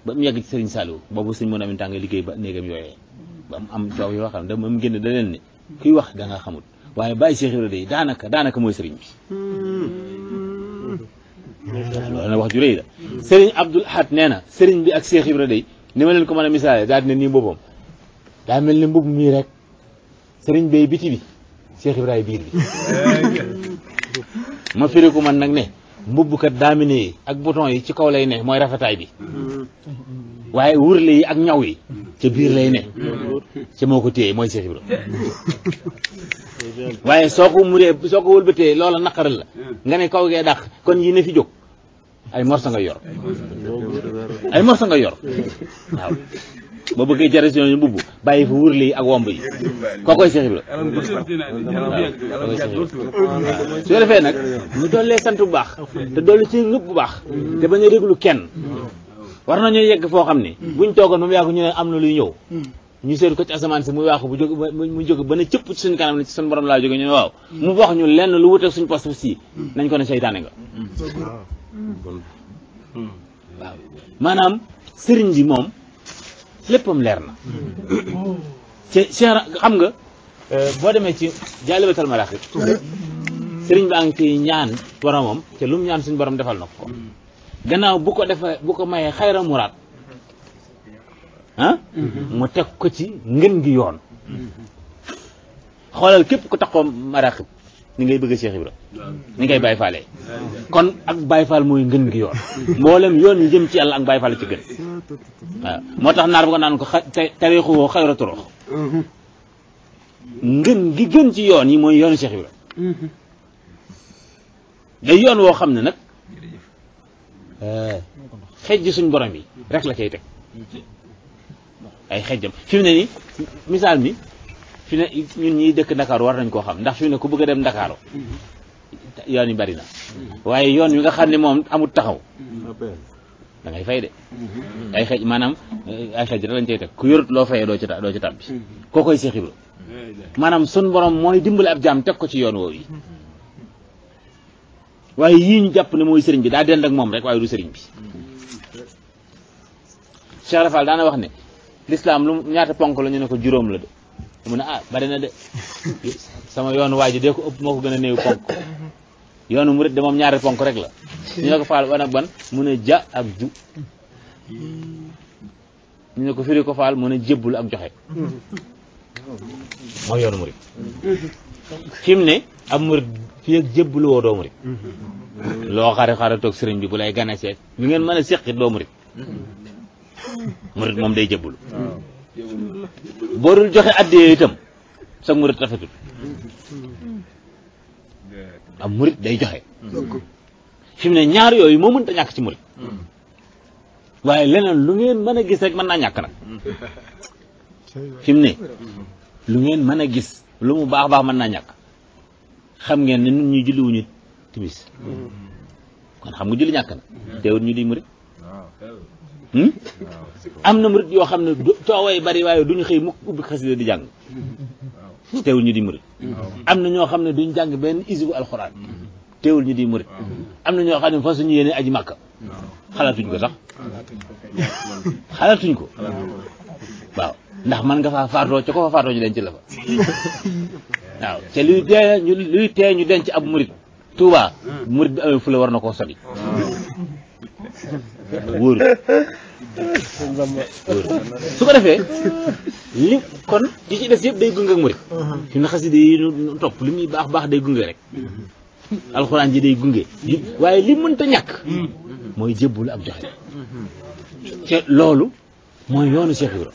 ba mu yàgg ci Serigne Saliou boobu suñ mën a amintàng liggéey ba néegam yooyee ba mu am coow yoo xam ne da mu génn da leen ne kuy wax da nga xamut waaye bàyyi Cheikh Ibrahima day daanaka daanaka mooy Serigne bi hmm. wax ju rëy la Serigne Abdoul nee na Serigne bi ak Cheikh Ibrahima day ni ma leen ko mën a misaale daa dina nii mboppam daa mel ni mbubb mii rek sëriñ bay biti bi Cheikh Ibrahima biir bi ma firi ko man nag ne mbubbkat daamine yi ak bouton yi ci kaw lay ne mooy rafetaay bi waaye wurle yi ak ñaw yi ca biir lay ne ca moo ko téye mooy Seex Ibra waaye soo ko muree soo ko wëlbatee loola naqaral la nga ne kaw gee dàq kon yi ne fi jóg ay morsa nga yor ay morsa nga yor waaw ba bëggee jare si ñooñu mbubb bàyyi fa wurli yi ak womb yi kookoy Cheikh Ibra su ko defee nag ñu dollee sant bu baax te dolli ci rëbb bu baax te ba a réglu kenn war nañoo yegg foo xam ni buñ toogoon moom yàgg ñu ne am na luy ñëw ñu seet ko ci asamaan si muy waaxu bu jóg mu jóg ba ne cëpp ci suñ kanam ne ci suñ borom laa jóge ñu ne waaw mu wax ñu lenn lu wuteeg suñ poste si nañ ko ne seytaane nga mm. waaw maanaam sëriñ bi moom léppam leer na ci seera xam nga euh, boo demee ci jaalibatal maraaxib sëriñ ba ngi ciy ñaan boromam te lu mu ñaan suñu borom defal na ko gannaaw bu ko defee bu ko mayee xayra muraad ah, mu teg ko ci ngën gi yoon xoolal képp ku taxoo maraaxib ni ngay bëgg Cheikh Ibra ni ngay bay Fall kon ak bay Fall moy ngeen gi yoon mbolam yoon yi jëm ci yàlla ak bay Fall ci gën motax moo naar bu ko naan ko tarikhu woo xayra ngeen gi gën ci yoon yi moy yoon Cheikh Ibra da yoon wo xamne nak ne xej ji suñ borom yi rek la cey tek ay xejjam fi mu ne ni misaal mi fi ne ñun ñiy dëkk Dakar war nañ koo xam ndax fi ne ku bëgg a dem Dakar yoon yi bari na waaye yoon wi nga xam ne moom amul taxaw mm-hmm. dangay fay de mm-hmm. ay xeej maanaam ay xeej da lañ cay teg ku yorut loo fayee doo ci doo ci tàbbi mm-hmm. koo koy Seex Ibra maanaam sun borom mooy dimbale ab jaam teg ko ci yoon woowu yi jàpp ne mooy sëriñ bi daa dend ak moom rek waaye sëriñ bi Cheikh wax ne lislaam lu ñaata ponk la ñu ne ko juróom la de mu a ah bari na de sama yoonu waa ji dee ko ëpp moo ko gën a néew ponk yoonu murit de moom ñaari ponk rek la ñu ne ko faal ban ak ban mu ne ja ak ju ñu ne ko firi ko faal mu ne jébbul ak joxe mooy yoonu murit fi mu ne am murit fii ak jébbulu woo doo murit loo xare xare sëriñ bi bu lay gane seet lu ngeen mën a séqit doo murit murit moom day jébbulu boo dul joxe addee itam sa murit rafetul am murit day joxe fi mu ne ñaar yooyu moo mënta ñàkk ci murit waaye leneen lu ngeen mën a gis rek man naa ñàkk nag fi ne lu ngeen mën a gis lu mu baax baax mën naa ñàkk xam ngeen ne nun ñuy julliwuñu timis kon xam nga julli ñàkk na teewul ñu di murit Hmm? am na murit yoo xam ne cooway bari waaye duñu xëy mukk ubbi xasida di jàng teewul ñu di murit am na ñoo xam ne duñ jàng benn isibu alxuraan teewul ñu di murit am na ñoo xam ne fa suñu yéene aji màkka xalaatuñ ko sax xalaatuñ ko waaw ndax man nga faa faatoo ca ko fa faatoo ñu denc la fa waaw te luy tee ñu luy tee ñu denc ab murit Touba murit bi amee fu la war na koo sori wóorul su ko defee li kon yi ci des yëpp day gunge ak murit fi na xasida yi topp li muy baax baax day gunge rek alxuraan ji day gunge waaye li mënta ñàkk mooy jébbul ak joxe loolu mooy yoonu seex Ibra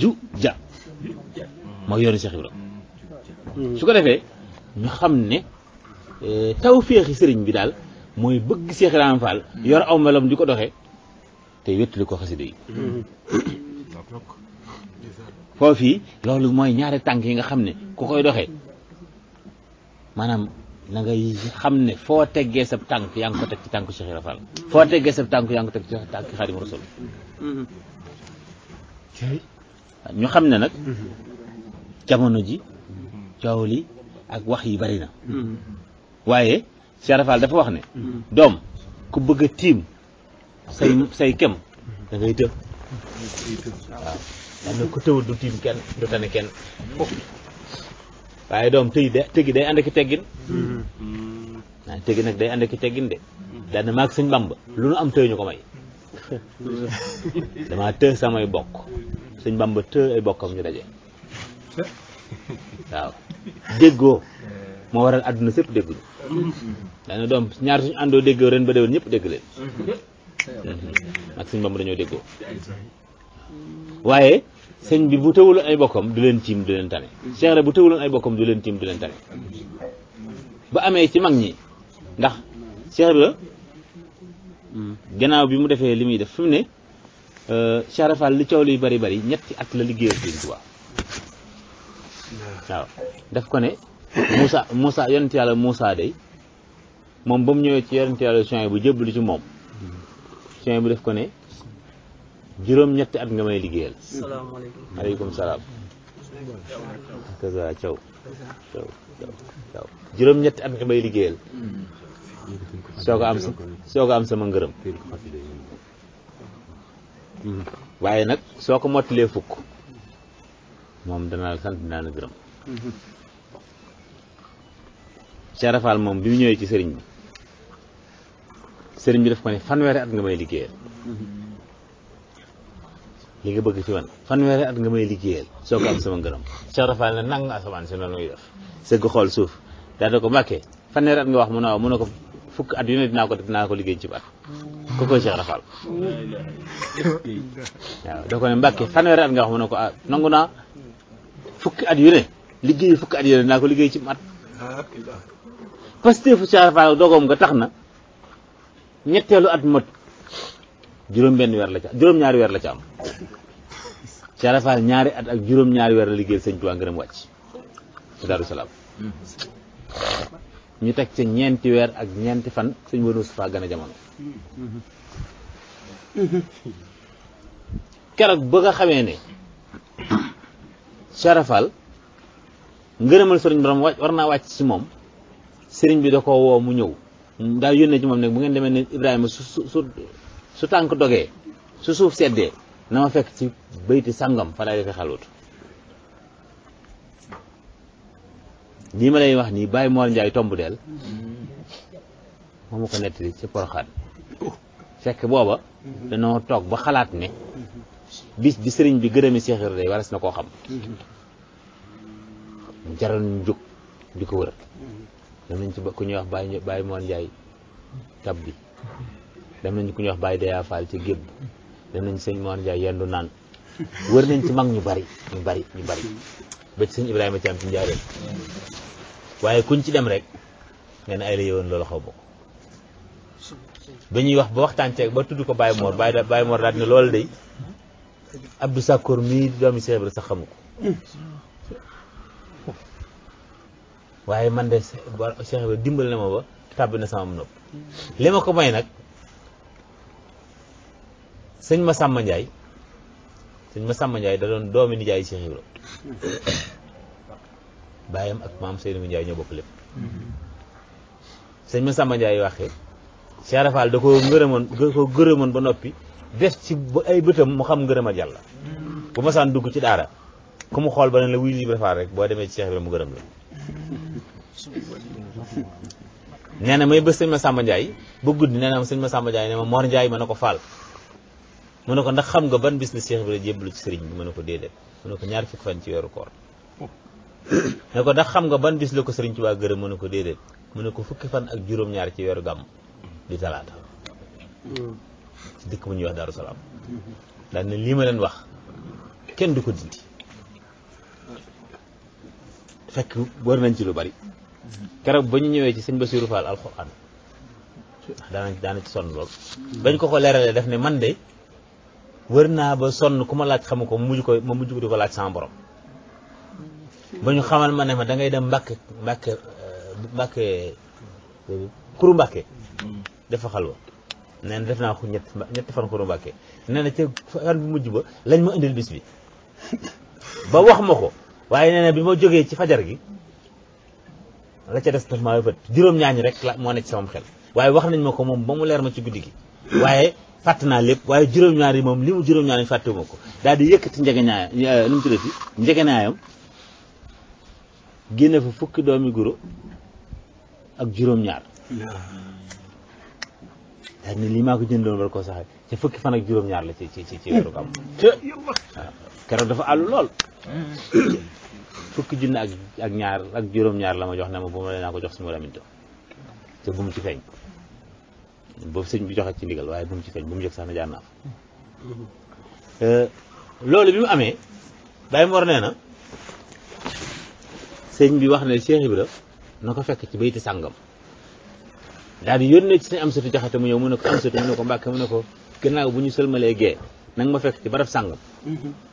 ju ja mooy su ko defee ñu xam ne taw eh, tawféexi sëriñ bi daal mooy bëgg Cheikh Ibrahima Fall yor aw melam di ko doxe te wéttali ko xasida yi foofii loolu mooy ñaari tànk yi nga xam ne ku koy doxe maanaam nangay ngay xam ne foo teggee sab tànk yaa ngi ko teg ci tànk Cheikh Ibrahima foo teggee sab tànk yaa ngi ko teg ci tànk Xaadimu Rasul ñu xam ne nag jamono ji coow li ak wax yi bari na mm-hmm. waaye Cheikh Rafal dafa wax ne doom ku bëgg a tiim say say kem da të waaw dam ko tëwul du tiim kenn du tane kenn waaye doom tëy de tëggi day ànd ak teggin waaw tëggi nag day ànd ak teggin de daan na maag sëñ lu nu am tëy ñu ko may dama të samay bokk sëñ Bamba të ay bokkam ñu daje waaw déggoo moo waral àdduna sépp dégg ñu daana doom ñaar suñu àndoo déggoo ren ba déwén ñëpp dégg leen mhm. ak suñ bamb dañoo déggoo waaye sëñ bi bu tëwuloon ay bokkam du leen tiim du leen tane Cheikh Ibra bu tëwuloon ay bokkam du leen tiim du leen tane ba amee ci mag ñi ndax Cheikh Ibra gannaaw bi mu defee li muy def fi mu ne euh, Cheikh Ibra Fall li coow luy bari bari ñetti at la liggéeyal Sëñ Tuubaa waaw daf ko ne Moussa Moussa yonent yàlla Moussa day moom ba mu ñëwee ci yonent yàlla bu jébbalu ci moom Suhayb def ko ne juróom-ñetti at nga may liggéeyal. salaamaaleykum aleykum salaam. soo ko am sama ngërëm. waaye nag soo ko mottalee fukk moom danaa sant dinaa la ci Rafal mom bi mu ci sëriñ bi sëriñ bi daf ko né fan wéré at nga may liggéeyal li nga bëgg ci wan fan wéré at nga may liggéeyal soo ko am sama ngërëm ci Rafal ne nang asaman ci nonu muy def sëgg xol suuf da da ko maké fan wéré at nga wax mu ne waaw mu ne ko fukk at yu ne dinaa ko dina ko liggéey ci baat ko ko Cheikh Rafal waaw da ko ne fan wéré at nga wax mu ne ko ah nangu at yu ne liggéey fukki at yu ne dinaa ko liggéey ci mat pasteefu Cheikh dogom dogoom nga tax na at mët juróom ben wer la ca juróom ñaari wer la ca am Cheikh ñaari at ak juróom ñaari wer la liggéey señ tuwa ngërëm wacc daru salam hmm. ñu tek ci ñenti wer ak ñenti fan señ Moodu Mustafaa gëna jamono keroog ba nga xamee ne Cheikh Fall ngërëmal borom war naa wàcc ci mom sëriñ bi da ko woo mu ñëw daal yónnee ci moom nag bu ngeen demee ne Ibrahima su su su tànk dogee su suuf seddee na ma fekk ci bayti sàngam fa laay defee xalut lii ma lay wax nii Baye Mor Ndiaye tomb del moomu ko nettali ci Porokhane fekk booba danoo toog ba xalaat ne bis bi sëriñ bi gërëmi seexir day waras na koo xam mu jaral jóg di ko wër dem nañ ci ku ñuy wax Baye Baye Moon Njaay tab bi dem nañ ku ñuy wax Baye Deya Fall ci gébb dem nañ sëñ Moon Njaay yendu naan wër nañ ci mag ñu bari ñu bari ñu bari ba ci sëñ Ibrahima Thiam ci njaareel waaye kuñ ci dem rek nee na ay la yëwoon loolu xaw ma ko ba ñuy wax ba waxtaan ceeg ba tudd ko Baye Mor Baye Baye Mor daal ne loolu de Abdou Sakkour mii doomi Seex Ibra sax xamu ko waaye man de Cheikh Ibra dimbal na ma ba tàbbi na sama nopp li ma ko may nag sëñ ma sàmma Njaay sëñ ma sàmma Njaay da doomi nijaay Cheikh Ibra baayam ak maam Seydou Njaay ñoo bokk lépp sëñ ma sàmma Njaay waxee Cheikh Rafal da ko ngërëmoon da ko gërëmoon ba noppi des ci ay bëtam mu xam ngërëmal yàlla bu ma saan dugg ci daara ku mu xool ba ne la wuy Ibra Faal rek boo demee ci Cheikh Ibra mu gërëm la nee na may bés ma Masamba Ndiaye ba guddi nee na sëñ Masamba Ndiaye ne ma Mor Ndiaye ma ne ko faal mu ne ko ndax xam nga ban bis la Cheikh Ibrahima jébbalu ci sëriñ bi mu ne ko déedéet mu ko ñaar fukki fan ci weeru koor ko ndax xam nga ban bis ko sëriñ Tuubaa gërëm mu ne ko déedéet mu ne ko fukki fan ak juróom-ñaar ci weeru gàmm di talaata dëkk bu ñuy wax Daaru Salaam daal ne lii ma leen wax kenn du ko dindi fekk war nañ ci lu bari keroog ba ñu ñëwee ci sëñ Basiiru Faal alxuraan daana daana ci sonn lool bañ ko ko leeralee def ne man de wër naa ba sonn ku ma laaj xamu ko mujj ko ma mujj ko di ko laaj sama borom ba ñu xamal ma ne ma da dem mbàkke mbàkke euh, mbàkke kuru mbàkke dafa xalwa nee na def naa ko ñett ñetti fan kuru mbàkke nee na ca fan bu mujj ba lañ ma indil bis bi ba wax ma ko waaye nee bi ma jógee ci fajar gi la ca des daf maa yëfat juróom rek la moo nekk sama xel waaye wax nañ ma ko moom ba mu leer ma ci guddi gi waaye fàtt naa lépp waaye juróom-ñaar yi moom li mu juróom-ñaar yi fàtte ko daal di yëkkati njegeñaayam euh, nu mu tuddati njegeñaayam génne fa fukki doomi guro ak juróom-ñaar daal ni lii maa ko sax war te fukki fan ak juróom-ñaar la ci ci ci ci weeru gàmm keroog dafa àllu lool hmm. fukki junne ak ak ñaar ak juróom-ñaar la ma jox ne ma bu ma leen naa ko jox si Moraminto te bu mu ci feeñ boobu sëñ bi joxe ci ndigal waaye bu ci feeñ bu mu yëg sax na jaar naa fa mm-hmm. euh, loolu bi mu amee Baye Mor nee na sëñ bi wax na ne Cheikh Ibra na ko fekk ci bayti sàngam daal di yónnee ci sëñ am sëtu jaxate mu ñëw mu ne ko am sëtu mu ne ko mbàkke mu ne ko gannaaw bu ñu sëlmalee gee nanga ma fekk ci barab sàngam mm-hmm.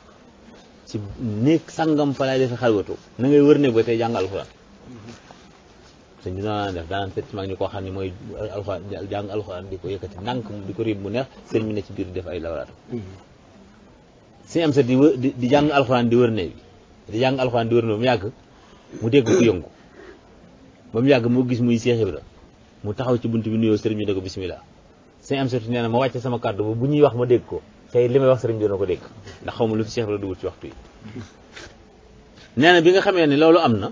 ci nek sangam fa lay def xalwatu na ngay wërne bo tay jang jàng señ sëñ bi noonu def daan fekk mag ni ko xamni moy mooy jang jàng diko yëkëti nank mu diko rib mu neex señ bi ne ci biir def ay lawraat señ am sa di di jang alxuraan di wërne bi di jang alxuraan di wërne mu yàgg mu dégg ko yëngu bam mu mo gis muy Seex Ibra mu taxaw ci buntu bi nuyo señ bi ne bismillah señ am sa nee ma wacce sama kàddu bu ñuy wax ma dégg ko tay limay wax serigne bi na ko deg ndax xaw lu Cheikh la dugal ci waxtu yi neena bi nga xamé ni loolu amna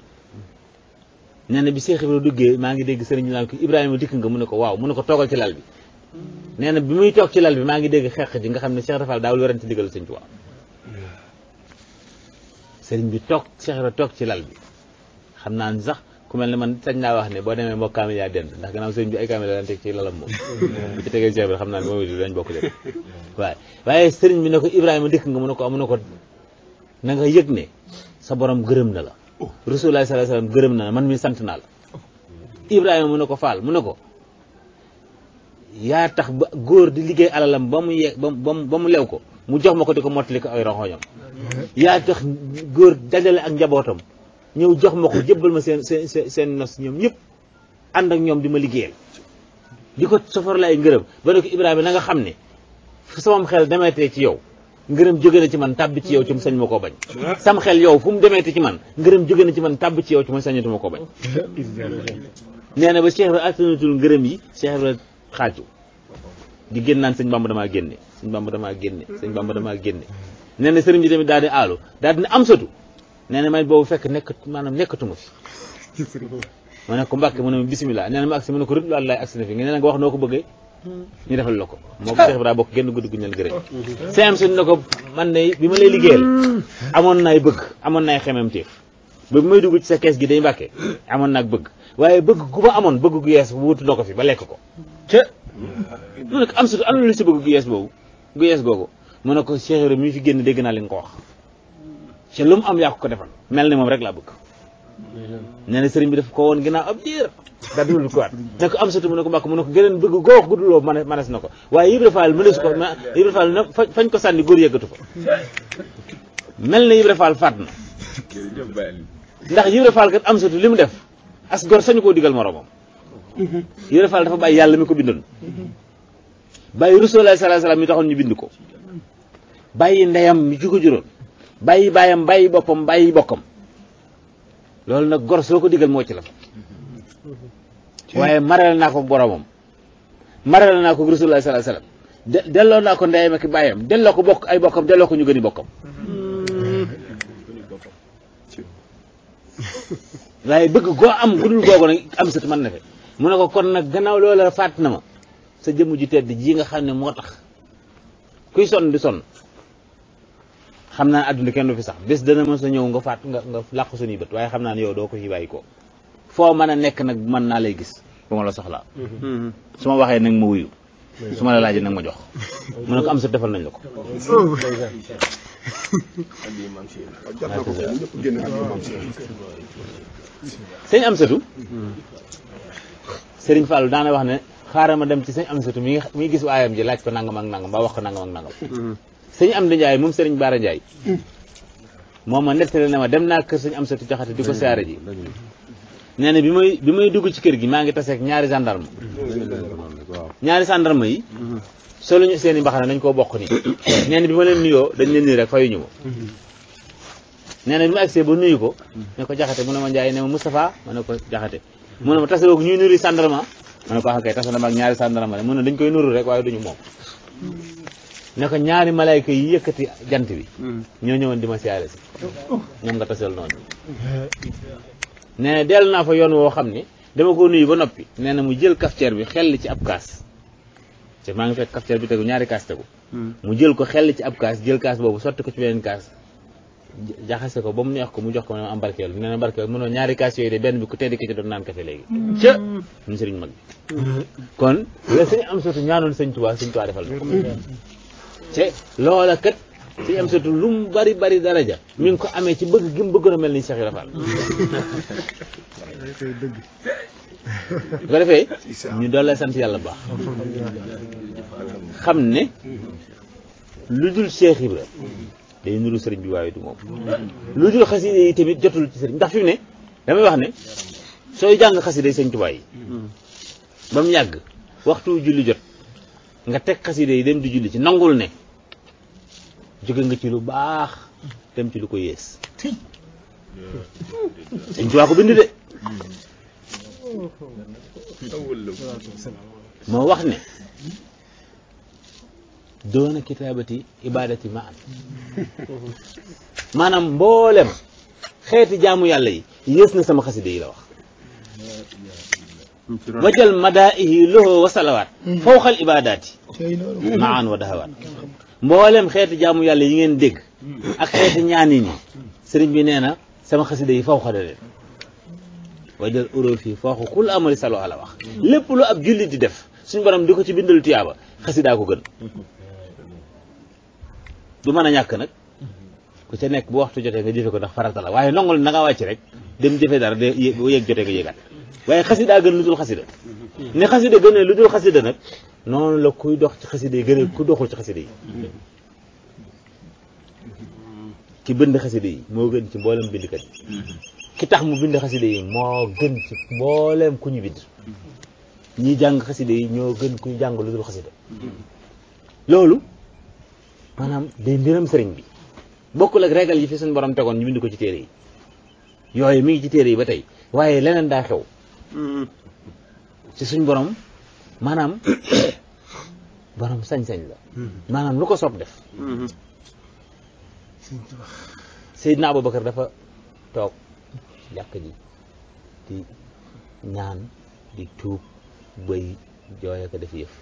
neena nee na bi Cheikh Ibra duggee maa ngi deg serigne bi Ibrahima dik nga muné ko waw muné ko togal ci lal bi neena bi muy tok ci lal bi ma ngi deg xex ji nga xamné Cheikh Rafal dawul werante digal serigne Tuubaa serigne bi tok Cheikh Ibra tok ci lal bi xamna ni sax ku mel ne man sañ naa wax ne boo demee mbokk kaamil yaa dend ndax gannaaw sëñ bi ay kaamil daan teg ci lalam moom mm-hmm. ci tegee ceeb bi ne waaye waaye bi ne ko Ibrahima dikk nga mu ne ko amu ne ko na nga yëg ne sa borom gërëm na la oh. na man mi sant naa la Ibrahima mu ne ko faal mu ne ko yaa tax ba góor di liggéey alalam ba mu ye ba mu ba mu lew ko mu jox ma ko di ko mottali ko ay mm-hmm. yaa tax góor dajale ak njabootam ñëw jox ma ko jébbal ma seen seen seen seen nos ñoom ñëpp ànd ak ñoom di ma liggéeyal di ko sofor la ay ngërëm ba ne ko Ibrahima na nga xam ne samam xel demeetee ci yow ngërëm jóge na ci man tàbbi ci yow ci ma koo bañ sam xel yow fu mu demeete ci man ngërëm jóge na ci man tàbbi ci yow ci mu sañatu ma koo bañ nee ba Cheikh Ibrahima attanatul ngërëm yi Cheikh Ibrahima xaaju di génn naan sëñ Bamba damaa génne sëñ Bamba damaa génne sëñ Bamba damaa génne nee na sëriñ bi tamit daal di aalu daal di am nee na boobu fekk nekk maanaam nekkatuma fi ma ne ko mbàkke mu ne ma bisimilah nee na ma agsi mu ne ko rëdd laal laay agsi na fi nee na nga wax noo ko bëggee ñu defal la ko moo ko Cheikh Ibra bokk génn guddi gu ñal gërëm sem na ko man ne bi ma lay liggéeyal amoon naay bëgg amoon naay xemem téef ba bi may dugg gi dañ mbàkke amoon naag bëgg waaye bëgg gu ma amoon bëgg gu yees wutu na ko fi ba lekk ko te mu ne am surtout am na lu si bëgg gu boobu gu yees googu mu ne ko Cheikh Ibra mi fi génn dégg naa li nga ko wax ci lu mu am yaa ko ko defal mel ni moom rek laa bëgg nee na sëriñ bi daf ko woon ginnaaw ab diir daa dul ko waat ne ko am satu mu ne ko mbàkk mu ne ko gëneen bëgg goox gudduloo man manes na ko waaye Ibra Fall mënees ko Ibra Fall na fañ ko sànni góor yëggatu ko mel na Ibra Fall faat na ndax Ibra Fall kat am satu li mu def as gor sañu koo digal moromam Ibra Fall dafa bàyyi yàlla mi ko bindoon bàyyi Rasulullah sallallahu alayhi wasallam mi ñu bind ko bàyyi ndeyam mi ju ko juróon bàyyi baayam bàyyi boppam bàyyi bokkam loolu nag gor soo ko digal moo ci la waaye maral naa ko boromam maral naa ko rasulullah sallallahu alayhi wasallam delloo naa ko ndeyam ak bàyyam delloo ko bokk ay bokkam delloo ko ñu gën i bokkam waaye bëgg goo am gudul googu nag am sët mën na fi mu ne ko kon nag gannaaw loola faat na ma sa jëmm ju tedd ji nga xam ne moo tax kuy sonn di sonn xam naa àdduna kenn du fi sax bés dana mën sa ñëw nga faat nga nga làq suñuy bët waaye xam naa ne yow doo ko fi ko foo mën a nekk nag mën naa lay gis bu ma la soxlaa mm-hmm. su ma waxee nag ma su ma la nag ma jox mu a ko am sa defal nañ la ko sëñ Amsatu Sëriñ Fallu daana wax ne xaaral ma dem ci sëñ Amsatu mi mi gis waayam ji laaj ko nangam ak nangam ba wax ko nangam ak nangam mm-hmm. am Amdi Ndiaye moom sëriñ Baara njaay mm. moom ma nettali na ma dem naa kër sëñ Amsatu Jaxate di ko siyaare ji nee na bi may bi may dugg ci kër gi maa ngi taseeg ñaari gendarme ñaari gendarme yi soluñu seen i mbaxana dañ koo bokk nii nee na bi ma leen nuyoo leen nii rek fayuñu mm-hmm. na bi ma nuyu ko ne ko jaxate mu ne ma Ndiaye ne ma Moustapha ma ne ko jaxate mu ne ma tase woog ñuy nuru gendarme ma ne ko ah kay tase na dañ koy nuru rek waaye duñu moom mm-hmm. naka ñaari malaika yi yëkëti jant bi mm. ñoo ñëwon di ma siyaare ñom nga tassel non. noonu del mm. na fa yoon wo xamni dama ko nuyu ba nopi nee na mu jël kafteer bi xell ci ab kaas te ma nga fek kafteer bi tegu ñaari kaas tegu mm. mu jël ko xell ci ab kaas jël kaas bobu sotti ko ci benen kaas jaxase ko ba neex ko mu jox ko ma am barkeelu nee na barkeelu mënoo ñaari kaas yoy de benn bi ku tedd ki ci do naan kafe léegi ci mu sëriñ mag kon la sëñ am sotu ñaanoon sëñ Tuubaa sëñ Tuubaa defal te loola kat suñu am surtout lu mu bari bari daraja mi ngi ko amee ci bëgg gi mu bëggoon mel ni Cheikh Ibra Fall bu ko defee ñu doon la sant yàlla bu baax xam ne lu dul Cheikh Ibra day nuru sëriñ bi waaye du moom lu dul xas yi tamit jotul ci sëriñ ndax fi ne damay wax ne sooy jàng xaside yi sëriñ Tuubaa yi ba mu yàgg waxtu julli jot nga teg xaside yi dem di julli ci nangul ne jóge nga ci lu baax dem ci lu ko yées sëñ Tuubaa ko bind de moo wax ne doona kitaabati ibadati ma am maanaam mboolem xeeti jaamu yàlla yi yées na sama xaside yi la wax wajal madaa'ihi lahu wa salawaat mm-hmm. fawqal ibaadaati mm-hmm. maan wa dahawaat mboolem xeeti jaamu yàlla yi ngeen dégg mm-hmm. ak xeeti ñaan nii sëriñ bi nee na sama xasida yi faw xada leen wajal uróof yi fawqa kul amali saloo ala wax lépp lu ab jullit di def suñ borom di ko ci bindalu tiyaaba xasidaa ko gën du mën a ñàkk nag ku ca nekk bu waxtu jotee nga jëfe ko ndax farata la waaye nongul na nga wàcc rek dem jëfe dara de boo yëg jotee nga yëgaat waaye xasida gën lu dul xasida ne xasida gën lu dul xasida nag noonu la kuy dox ci xasida yi gën a ku doxul ci xasida yi ki bind xasida yi moo gën ci mboolem bindkat yi ki tax mu bind xasida yi moo gën ku ñu bind ñiy jàng xasida yi ñoo gën kuy jàng lu dul xasida loolu maanaam day mbiram sëriñ bi bokkul ak régal yi fi suñu borom tegoon ñu bind ko ci téere yi yooyu mi ngi ci téere yi ba tey waaye leneen daa xew mm. ci suñ borom maanaam borom sañ-sañ la mm. maanaam lu ko soob def naa ba kër dafa toog jàkk ji di ñaan di tuub bëy jooy ko def yëf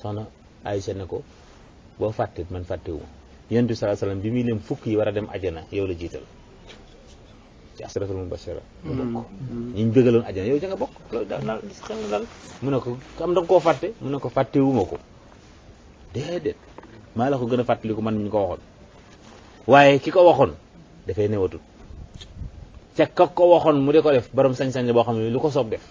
soxna Aysa ne ko boo fàtte man fàttewuma yonent bi salaa salaam bi muy leen fukk yi war a dem ajana yow la jiital ci asratul mubashara nga bokk mm. ñi ñu bëggaloon ajana yow ja nga bokk loolu daal daal xel na daal mu ne ko am da nga koo fàtte mu ne ko fàtte wu ma ko déedéet maa la ko gën a fàttaliku man ñu ko waxoon waaye ki ko waxoon dafay newatul ca ka ko waxoon mu de ko def borom sañ-sañ boo xam ne lu ko soob def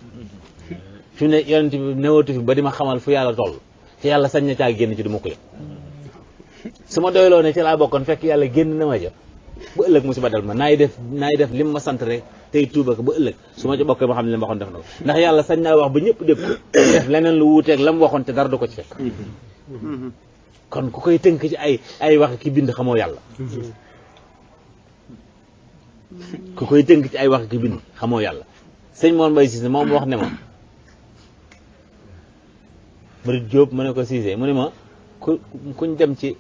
fi ne yonent bi newatu fi ba di ma xamal fu yàlla toll te yàlla sañ na caa génn ci du ko yëg su ma doyloo ne ci laa bokkoon fekk yàlla génn na ma ja ba ëllëg musiba dal ma naay def naay def lim ma sant rek tey tuuba ko ba ëllëg su ma ci bokkee ma xam ne li ma waxoon def na ko ndax yàlla sañ naa wax ba ñëpp dégg ko lu wuuteeg la mu waxoon te dara ko ci fekk kon ku koy tënk ci ay ay wax ki bind xamoo yàlla ku koy tënk ci ay wax ki bind xamoo yàlla sëñ moon bay Cissé moom wax ne ma Murid Jóob kuñ dem ci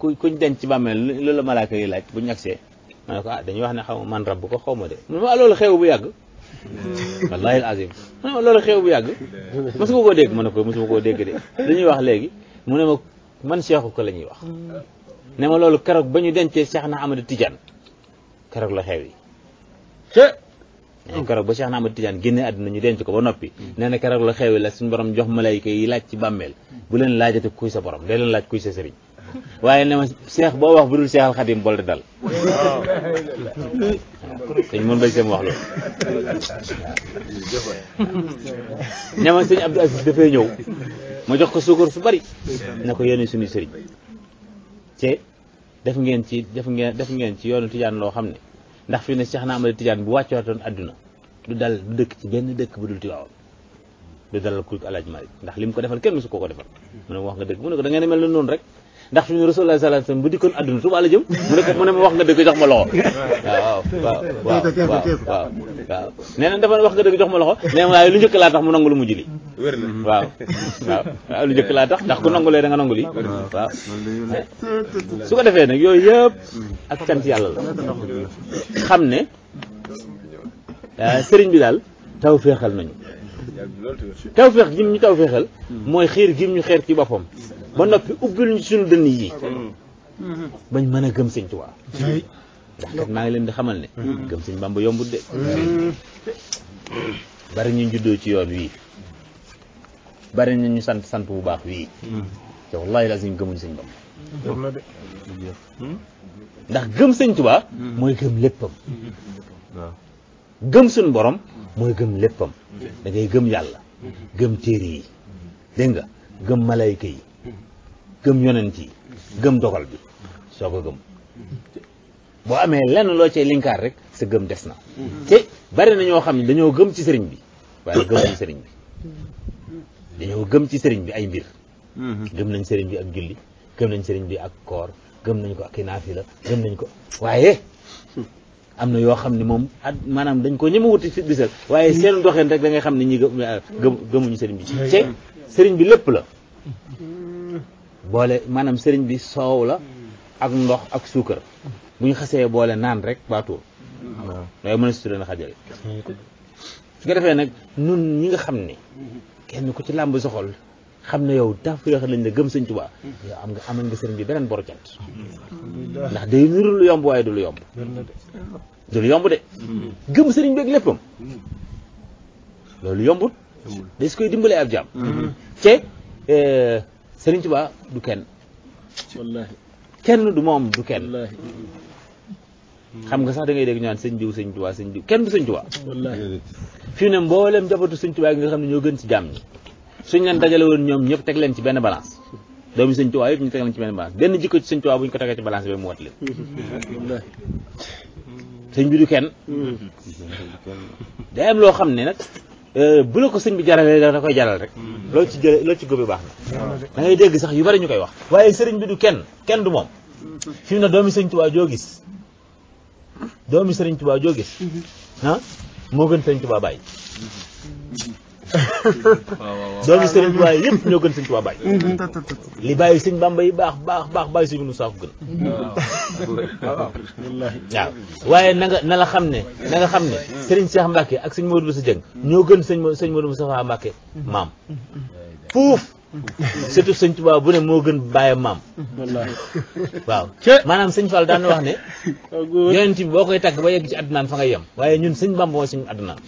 ku kuñ denc ci bàmmeel loolu la malaaka yi laaj bu ñu agsee ma ko ah dañuy wax ne xaw man rab bu ko xaw ma de mun ma ah, loolu xew bu yàgg hmm. wallahi al azim mu ne loolu xew bu yàgg mosu ma koo dégg ma ne ko mosu ma koo dégg de li ñuy wax léegi mu ne ma man seexu ko la ñuy wax hmm. ne ma loolu keroog ba ñu dencee seex na Amadou Tidiane keroog la xew yi keroog ba Cheikh na Amadou Tidiane génne àdduna ñu denc ko ba noppi hmm. nee na keroog la xew yi la suñu borom jox malayka yi laaj ci bàmmeel bu leen laajate kuy sa borom day leen laaj waye ne ma cheikh bo wax budul cheikh al khadim bol de dal seigne mon bay sem wax lo ne ma seigne Abdou Aziz dafay ñew ma jox ko sugur su bari ne ko yéen suñu seigne ci def ngeen ci def ngeen def ngeen ci yoonu tidiane lo xamne ndax fi ne Cheikh na amadou tidiane bu wàccoortoon aduna du dal du dekk ci benn dekk budul dul Tiwaawan du dalal ku Alaaji malik ndax lim ko defal kenn mësu ko ko defal mu ne wax nga dëgg mu ne ko da ngeen mel non rek ndax suñu mu rasulullah sallallahu alaihi wasallam bu dikon aduna tuba la jëm mu ne ko mu ne wax nga deug jox ma loxo waaw waaw waaw dafa wax nga deug jox ma loxo nee na lu njëkk la tax mu nangul mu jili waaw waaw lu njëkk la tax ndax ku nangulé da nga nanguli waaw su ko defé nak yoy yeb ak cant yalla la xam ne ah, sëriñ bi dal taw fexal nañu tawféex gi ñu tawféexal hmm. mooy xiir gi ñu xeer ci boppam ba noppi ubbil ñu suñu dënn yi hmm. Hmm. bañ mën a gëm sëñ Tuubaa ndax kat maa ngi leen di xamal ne gëm sëñ Bamba yombut de bari ñu juddoo ci yoon wii bari na ñu sant sant bu baax wii te wallaahi lazim gëmuñ sëñ Bamba ndax gëm sëñ Tuubaa mooy gëm léppam gëm suñu borom mooy gëm léppam mm-hmm. da ngay gëm yàlla mm-hmm. gëm téere yi mm-hmm. dégg nga gëm malayka yi gëm yonent yi gëm dogal bi soo ko gëm boo amee lenn loo cay linkaar rek sa gëm des na te bari na ñoo xam ne dañoo gëm ci sëriñ bi waaye gëmuñu sëriñ bi dañoo gëm ci sëriñ bi ay mbir gëm nañ sëriñ bi ak julli gëm nañ sëriñ bi ak koor gëm nañ ko ak i naafila gëm nañ ko waaye am na yoo xam ne moom at maanaam dañ ko ñëma wuti fi gisal waaye hmm. seen doxeen rek dangay xam ne ñi gëm ah, hmm. gëmuñu sëriñ bi ci hmm. te sëriñ bi lépp la boole maanaam sëriñ bi soow la ak ndox ak suukar bu ñu xasee boole naan rek baatu waaye mën a sutu leen xajale su ko defee nag nun ñi nga xam ne kenn ku ci làmb soxol xam na yow tax fi lañ la gëm sëñ Tuubaa yow am nga amal nga sëriñ bi beneen boru cant ndax day niru lu yomb waaye du lu yomb du lu yomb de gëm sëriñ bi ak léppam loolu yombut dañ koy dimbalee ab jaam mm-hmm. te eh, sëriñ Tuubaa du kenn kenn du moom du kenn xam nga sax da ngay dégg ñaan sëñ diw sëñ Tuubaa sëñ diw kenn du sëñ Tuubaa fi mu ne mboolem jabatu sëñ Tuubaa gi nga xam ne ñoo gën ci jaam ñi suñ leen dajale woon ñoom ñëpp teg leen ci benn balance doomi sëñ Tuubaa yëpp ñu teg leen ci benn balance benn jikko ci sëñ Tuubaa bu ñu ko tegee ci balance bi mu wat leen sëñ bi du kenn day loo xam ne nag euh, bu ko sëñ bi jaralee da koy jaral rek loo ci ci góobe baax dégg sax yu bari ñu koy wax waaye sëriñ bi du kenn kenn du moom fi na ne doomi sëñ Tuubaa joo gis doomi sëriñ joo ah, moo gën sëñ Tuubaa bàyyi doomi sëriñ Tuubaa yëpp ñoo gën sëñ Tuubaa Baye. Mm-hmm. li bàyyi sëñ Bamba yi baax baax baax bàyyi sëñ Moussa ko gën. Mm-hmm. waaw waaye na nga na la xam ne na xam ne sëriñ Cheikh Mbacke ak sëñ Modou Moussa Dieng ñoo gën sëñ sëñ Modou Moustapha Mbacke maam mm-hmm. fuuf. surtout sëñ Tuubaa bu ne moo gën bàyyi maam. waaw maanaam sëñ Fall daan wax ne. yonent boo koy tàgg ba yegg ci àddunaan fa nga yem. waaye ñun sëñ Bàmba moo suñu àddunaan.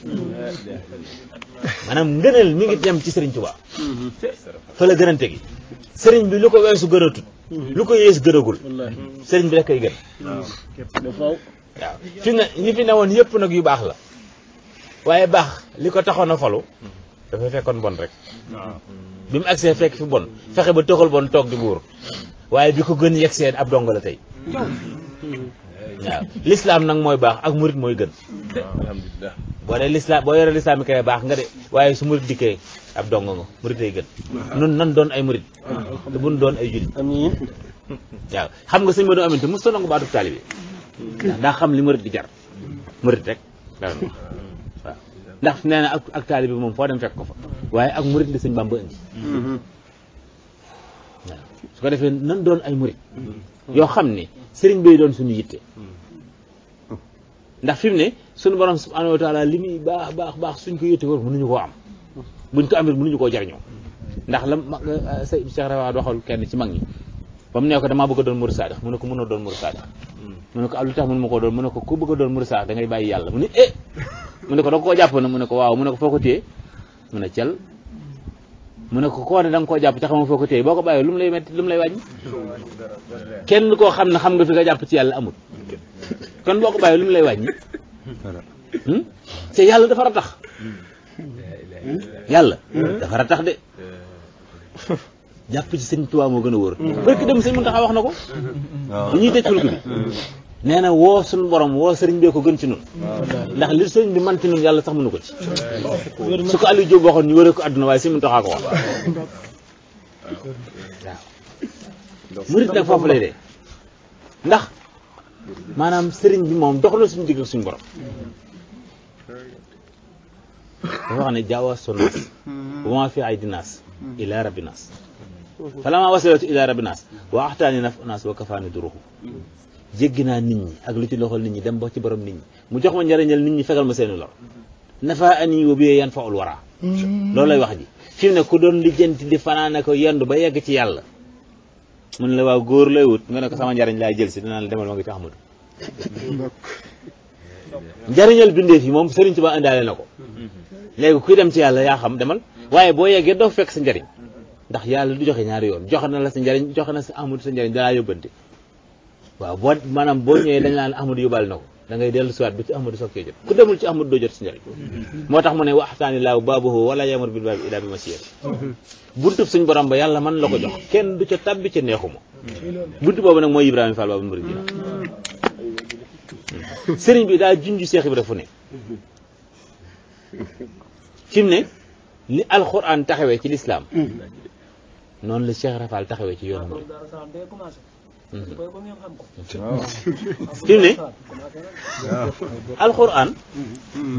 maanaam ngëneel mi ngi dem ci sëriñ Tuubaa. fa gënante gi. sëriñ bi lu ko weesu gënatut. lu ko yees gëragul. sëriñ bi rek koy gën. waaw fi ne ñi fi newoon yëpp nag yu baax la. waaye baax li ko taxoon a falu. dafay fekkoon bon rek. Ah. bi mu agsee fekk fi bon fexe ba toxal bon toog di buur waaye bi ko gën yegsee ab dongo la tey. waaw lislaam nag mooy baax ak murit mooy gën. alhamdulilah boo dee lislaam boo yoree lislaam yi baax nga de waaye su murit dikkee ab dong nga murit ay gën. nun nan doon ay murit. Ah, te bu nu doon ay jullit. amiin waaw xam nga sëñ Modou Aminta mosut a nangu baatu taalibe. Hmm. ndax xam li murit di jar. murit rek. Hmm. ndax nee na ak ak taalibe moom foo dem fekk ko fa waaye ak murit li sëñ Bàmba indi mm-hmm. waaw su nan doon ay murit mm-hmm. yoo xam ne sëriñ bay doon suñu yitte mm-hmm. ndax fi ne suñu borom subhanahu wa taala li muy baax baax baax suñ ko yitte woon mënuñu koo am buñ ko amee mënuñu koo jariñoo ndax la Cheikh Rawaad waxal kenn ci mag ñi ba mu ne ko damaa bëgg a doon murit saadax mu ne ko mënoo doon murit saadax mun ne ko ah a tax mun ma koo doon mu ne ko ku bëgg a doon mursa da ngay bàyyi yàlla mu ne eh mu ne ko da koo jàpp na mu ne ko waaw mu ne ko foo mu ne cel mu ne ko koo ne da koo jàpp te xamul foo ko boo ko bàyyi lu mu lay metti lu mu kenn koo xam ne xam nga fi nga jàpp ci yàlla amul kon boo ko bàyyi lu mu lay wàññi hmm? te yàlla dafa ratax yàlla dafa ratax de jàpp ci sëñ Tuubaa moo gën a wóor hmm. barki dem sëñ Muntaxa wax na ko hmm. ñuy tëj fulk bi nee na woo suñu borom woo sëriñ bee ko gën ci ñun ndax li sëriñ bi man ci ñun yàlla sax mënu ko ci su ko Aliou Diop waxoon ñu wëree ko àdduna waaye si mun taxaa ko wax waaw murit nag foofu lay dee ndax maanaam sëriñ bi moom dox na suñu digg ak borom dafa wax ne jaawa sonaas wa maa fi ay dinaas ila rabbi naas fala maa wasilatu ila rabbi naas wa axtaani naf naas wa kafaani duruhu jéggi nit ñi ak lu ci loxol nit ñi dem ba ci borom nit ñi mu jox ma njëriñal nit ñi fegal ma seen lor nafa ani wa bi yan wara lool lay wax ji fi ne ku doon lijeenti di fanana ko yendu ba yegg ci yalla mu ne la wa goor lay wut nga ne ko sama njariñ lay jël ci dana la demal ma ngi ci Ahmadu njariñal dundé fi mom serigne Tuubaa andalé nako légui ku dem ci yalla ya xam demal waye bo yegge do fek sa ndax yalla du joxe ñaar yoon joxe na la sa bende. joxe sa sa da la yobante waaw boo maanaam boo ñëwee dañ naan Ahmadou yóbbaale na ko da ngay dellu siwaat ba ci Ahmadou soog cee jot ku demul ci Ahmadou doo jot si njëriñ moo tax mu ne wa axtaani laahu baabahu wala yamar bil baabi ilaa bi masiyati buntub suñ borom ba yàlla man la ko jox kenn du ca tabbi ca neexuma buntu boobu nag mooy Ibrahima Fall Baabul Muridiina sëriñ bi daa junj Seex Ibra fu ne fi mu ne ni alxuraan taxawee ci lislaam noonu la Seex Ibra taxawee ci yoonu murid fi mu ne alxuraan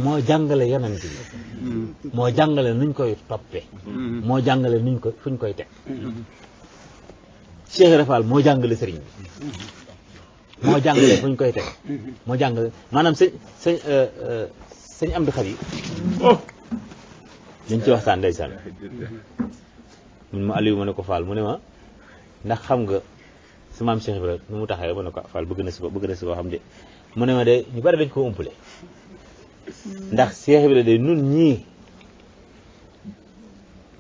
moo jàngale yonent bi mm-hmm. moo jàngale nuñ koy toppee mm-hmm. moo jàngale nuñ ko fuñ koy teg mm-hmm. Cheikh Rafal moo jàngale sëriñ bi moo jàngale fuñ koy teg moo jàngale maanaam sëñ sëñ euh, euh, sëñ am di xar dañ ci waxtaan ndeysaan mun ma Aliou ne ko Fall mu ne ma ndax xam nga su maam Cheikh Ibrahima nu mu taxawee ma ne ko ah Fall bëgg na si bëgg na si boo xam de mu ne ma de ñu bari dañ koo umpale ndax Cheikh de nun ñii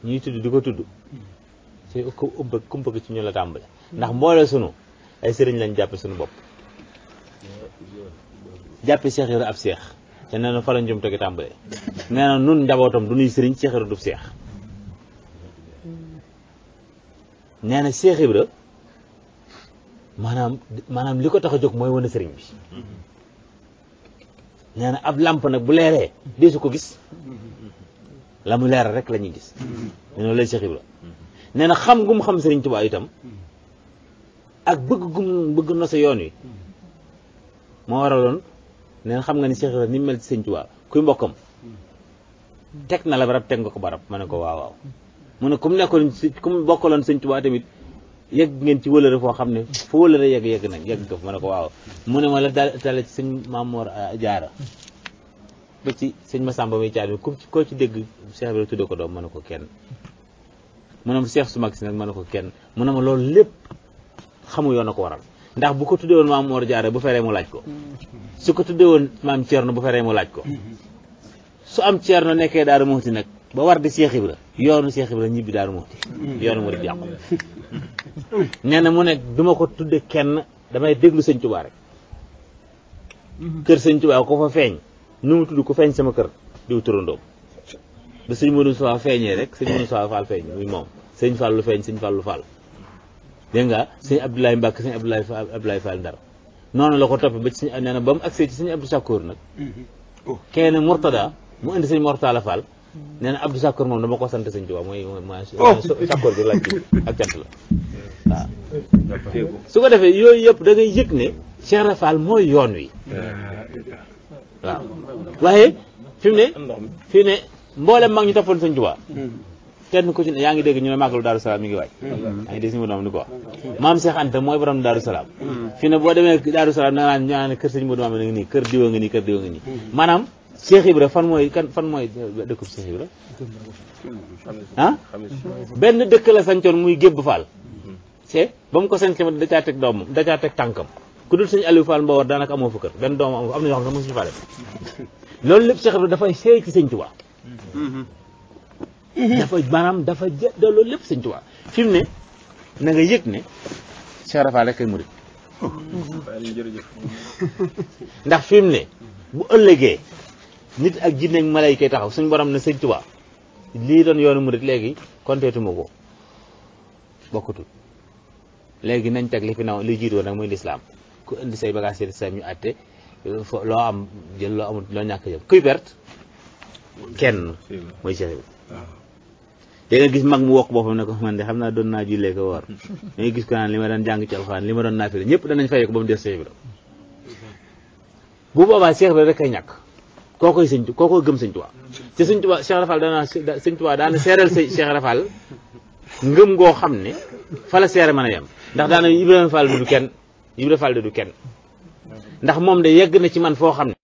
ñuy tudd di ko tudd su ko umpa kumpa ci ñu la tàmbale ndax mboole sunu ay sëriñ lañ jàppe sunu bopp jàppe Cheikh ab seex te nee na fa la njum tegi tàmbale nee na nun njabootam du nuy sëriñ Cheikh du seex nee na Cheikh maanaam maanaam li ko tax a jóg mooy wane sëriñ bi nee na ab làmp nag bu leeree deesu ko gis la mu rek la ñuy gis noonu lay Cheikh la nee na xam gum xam sëriñ Tuubaa itam ak bëgg gum yoon wi moo waraloon nee na xam nga ni Cheikh la ni mel ci sëriñ Tuubaa kuy mbokkam teg na la barab teg nga ko barab ma ne ko waaw waaw mu ne ku mu nekkoon ku mu bokkaloon sëriñ tamit yegg ngeen ci wëlëre foo xam ne foo wëlëre yegg yegg nañ yegg nga fa ma ne ko waaw mu ne ma la dal dale ci sëñ Mamoor Jaara euh, ba ci sëñ Masamba may caat bi ku koo ci dégg Cheikh Ibrahima tudde ko doom ma ne ko kenn mu ne ma su mag si nag ma ne ko kenn mu ne ma loolu lépp xamu yoon a ko waral ndax bu ko tuddee woon ma maam Mor Jaara bu feree mu laaj ko su ko tuddee woon maam Thierno bu feree mu laaj ko su am Thierno nekkee daara muuti nag ba war di Cheikh Ibra yoonu Cheikh ñibbi Daaru Muxti yoonu murid yàqu nee na mu ne duma ko tudde kenn damay déglu sëñ Tuubaa rek kër sëñ Tuubaa ko fa feeñ nu mu tudd ko feeñ sama kër diw turandoom ba sëñ Modou rek sëñ moom sëñ Fallu feeñ sëñ Fallu Fall nga sëñ Abdoulaye Mbacke sëñ Abdoulaye Abdoulaye Fall Ndar noonu la ko toppee ba ba mu agsee ci sëñ Abdou Sakour nag mm-hmm. kenn Mourtada indi sëñ Mortala Fall nee na Abdou Sakkour moom dama ko sant sëñ Tuubaa mooy mooy oh. Sakkour bi laaj ak cant la waaw. su ko defee yooyu yëpp da ngay yëg ne Cheikh Rafal mooy yoon wi. waaw waaye fi mu ne. fi ne mboolem mag ñu toppoon sëñ Tuubaa. kenn ku ci ne yaa ngi dégg ñu ne màggalu Daaru Salaam mi ngi waaj. yaa ngi dégg suñu doom di ko wax. maam Cheikh Anta mooy borom Daaru Salaam. fi ne boo demee Daaru Salaam nee naa kër sañ Modou Mamoune ngi nii kër diwa ngi nii kër diwa ngi nii maanaam. Cheikh Ibra fan mooy kan fan mooy dëkkub Cheikh Ibra ah benn dëkk la sancoon muy gébb Fall c'est ba mu ko sancee da caa doomam da tànkam ku dul sëñ Aliou Fall Mbawar daanaka amoo fa benn doomam amoo fa am na ñoo xam ne mosu loolu lépp Cheikh dafay seey ci sëñ Tuubaa dafa maanaam dafa jë loolu lépp sëñ Tuubaa fi ne na nga yëg ne Cheikh Rafaal rek ay murit ndax fi ne bu ëllëgee nit ak jinne ak malayka taxaw suñ borom na sëñ Tuubaa lii doon yoonu murit léegi konteetuma ko bokkutul léegi nañ teg li fi naw li jiitoo nag muy lislaam ku indi say bagaas yi lislaam ñu loo am jël loo amul loo ñàkk jëm kuy perte kenn mooy Cheikh da ah. nga gis mag mu wokk boppam ne ko man de xam naa doon naa jullee ko woor da nga gis ko naan li ma doon jàng ci alxuraan li ma doon naafila ñëpp danañ fay ko ba mu des Cheikh Ibra mm-hmm. bu boobaa Cheikh Ibra rek kay ñàkk koo koy sëñ koo koy gëm sëñ Tuubaa te sëñ Tuubaa Cheikh Rafal daana sëñ Tuubaa daana seeral sa Cheikh Rafal ngëm goo xam ne fa la seere mën a yem ndax daana Ibrahima Fall du kenn Ibrahima Fall du kenn ndax moom de yegg na ci man foo xam ne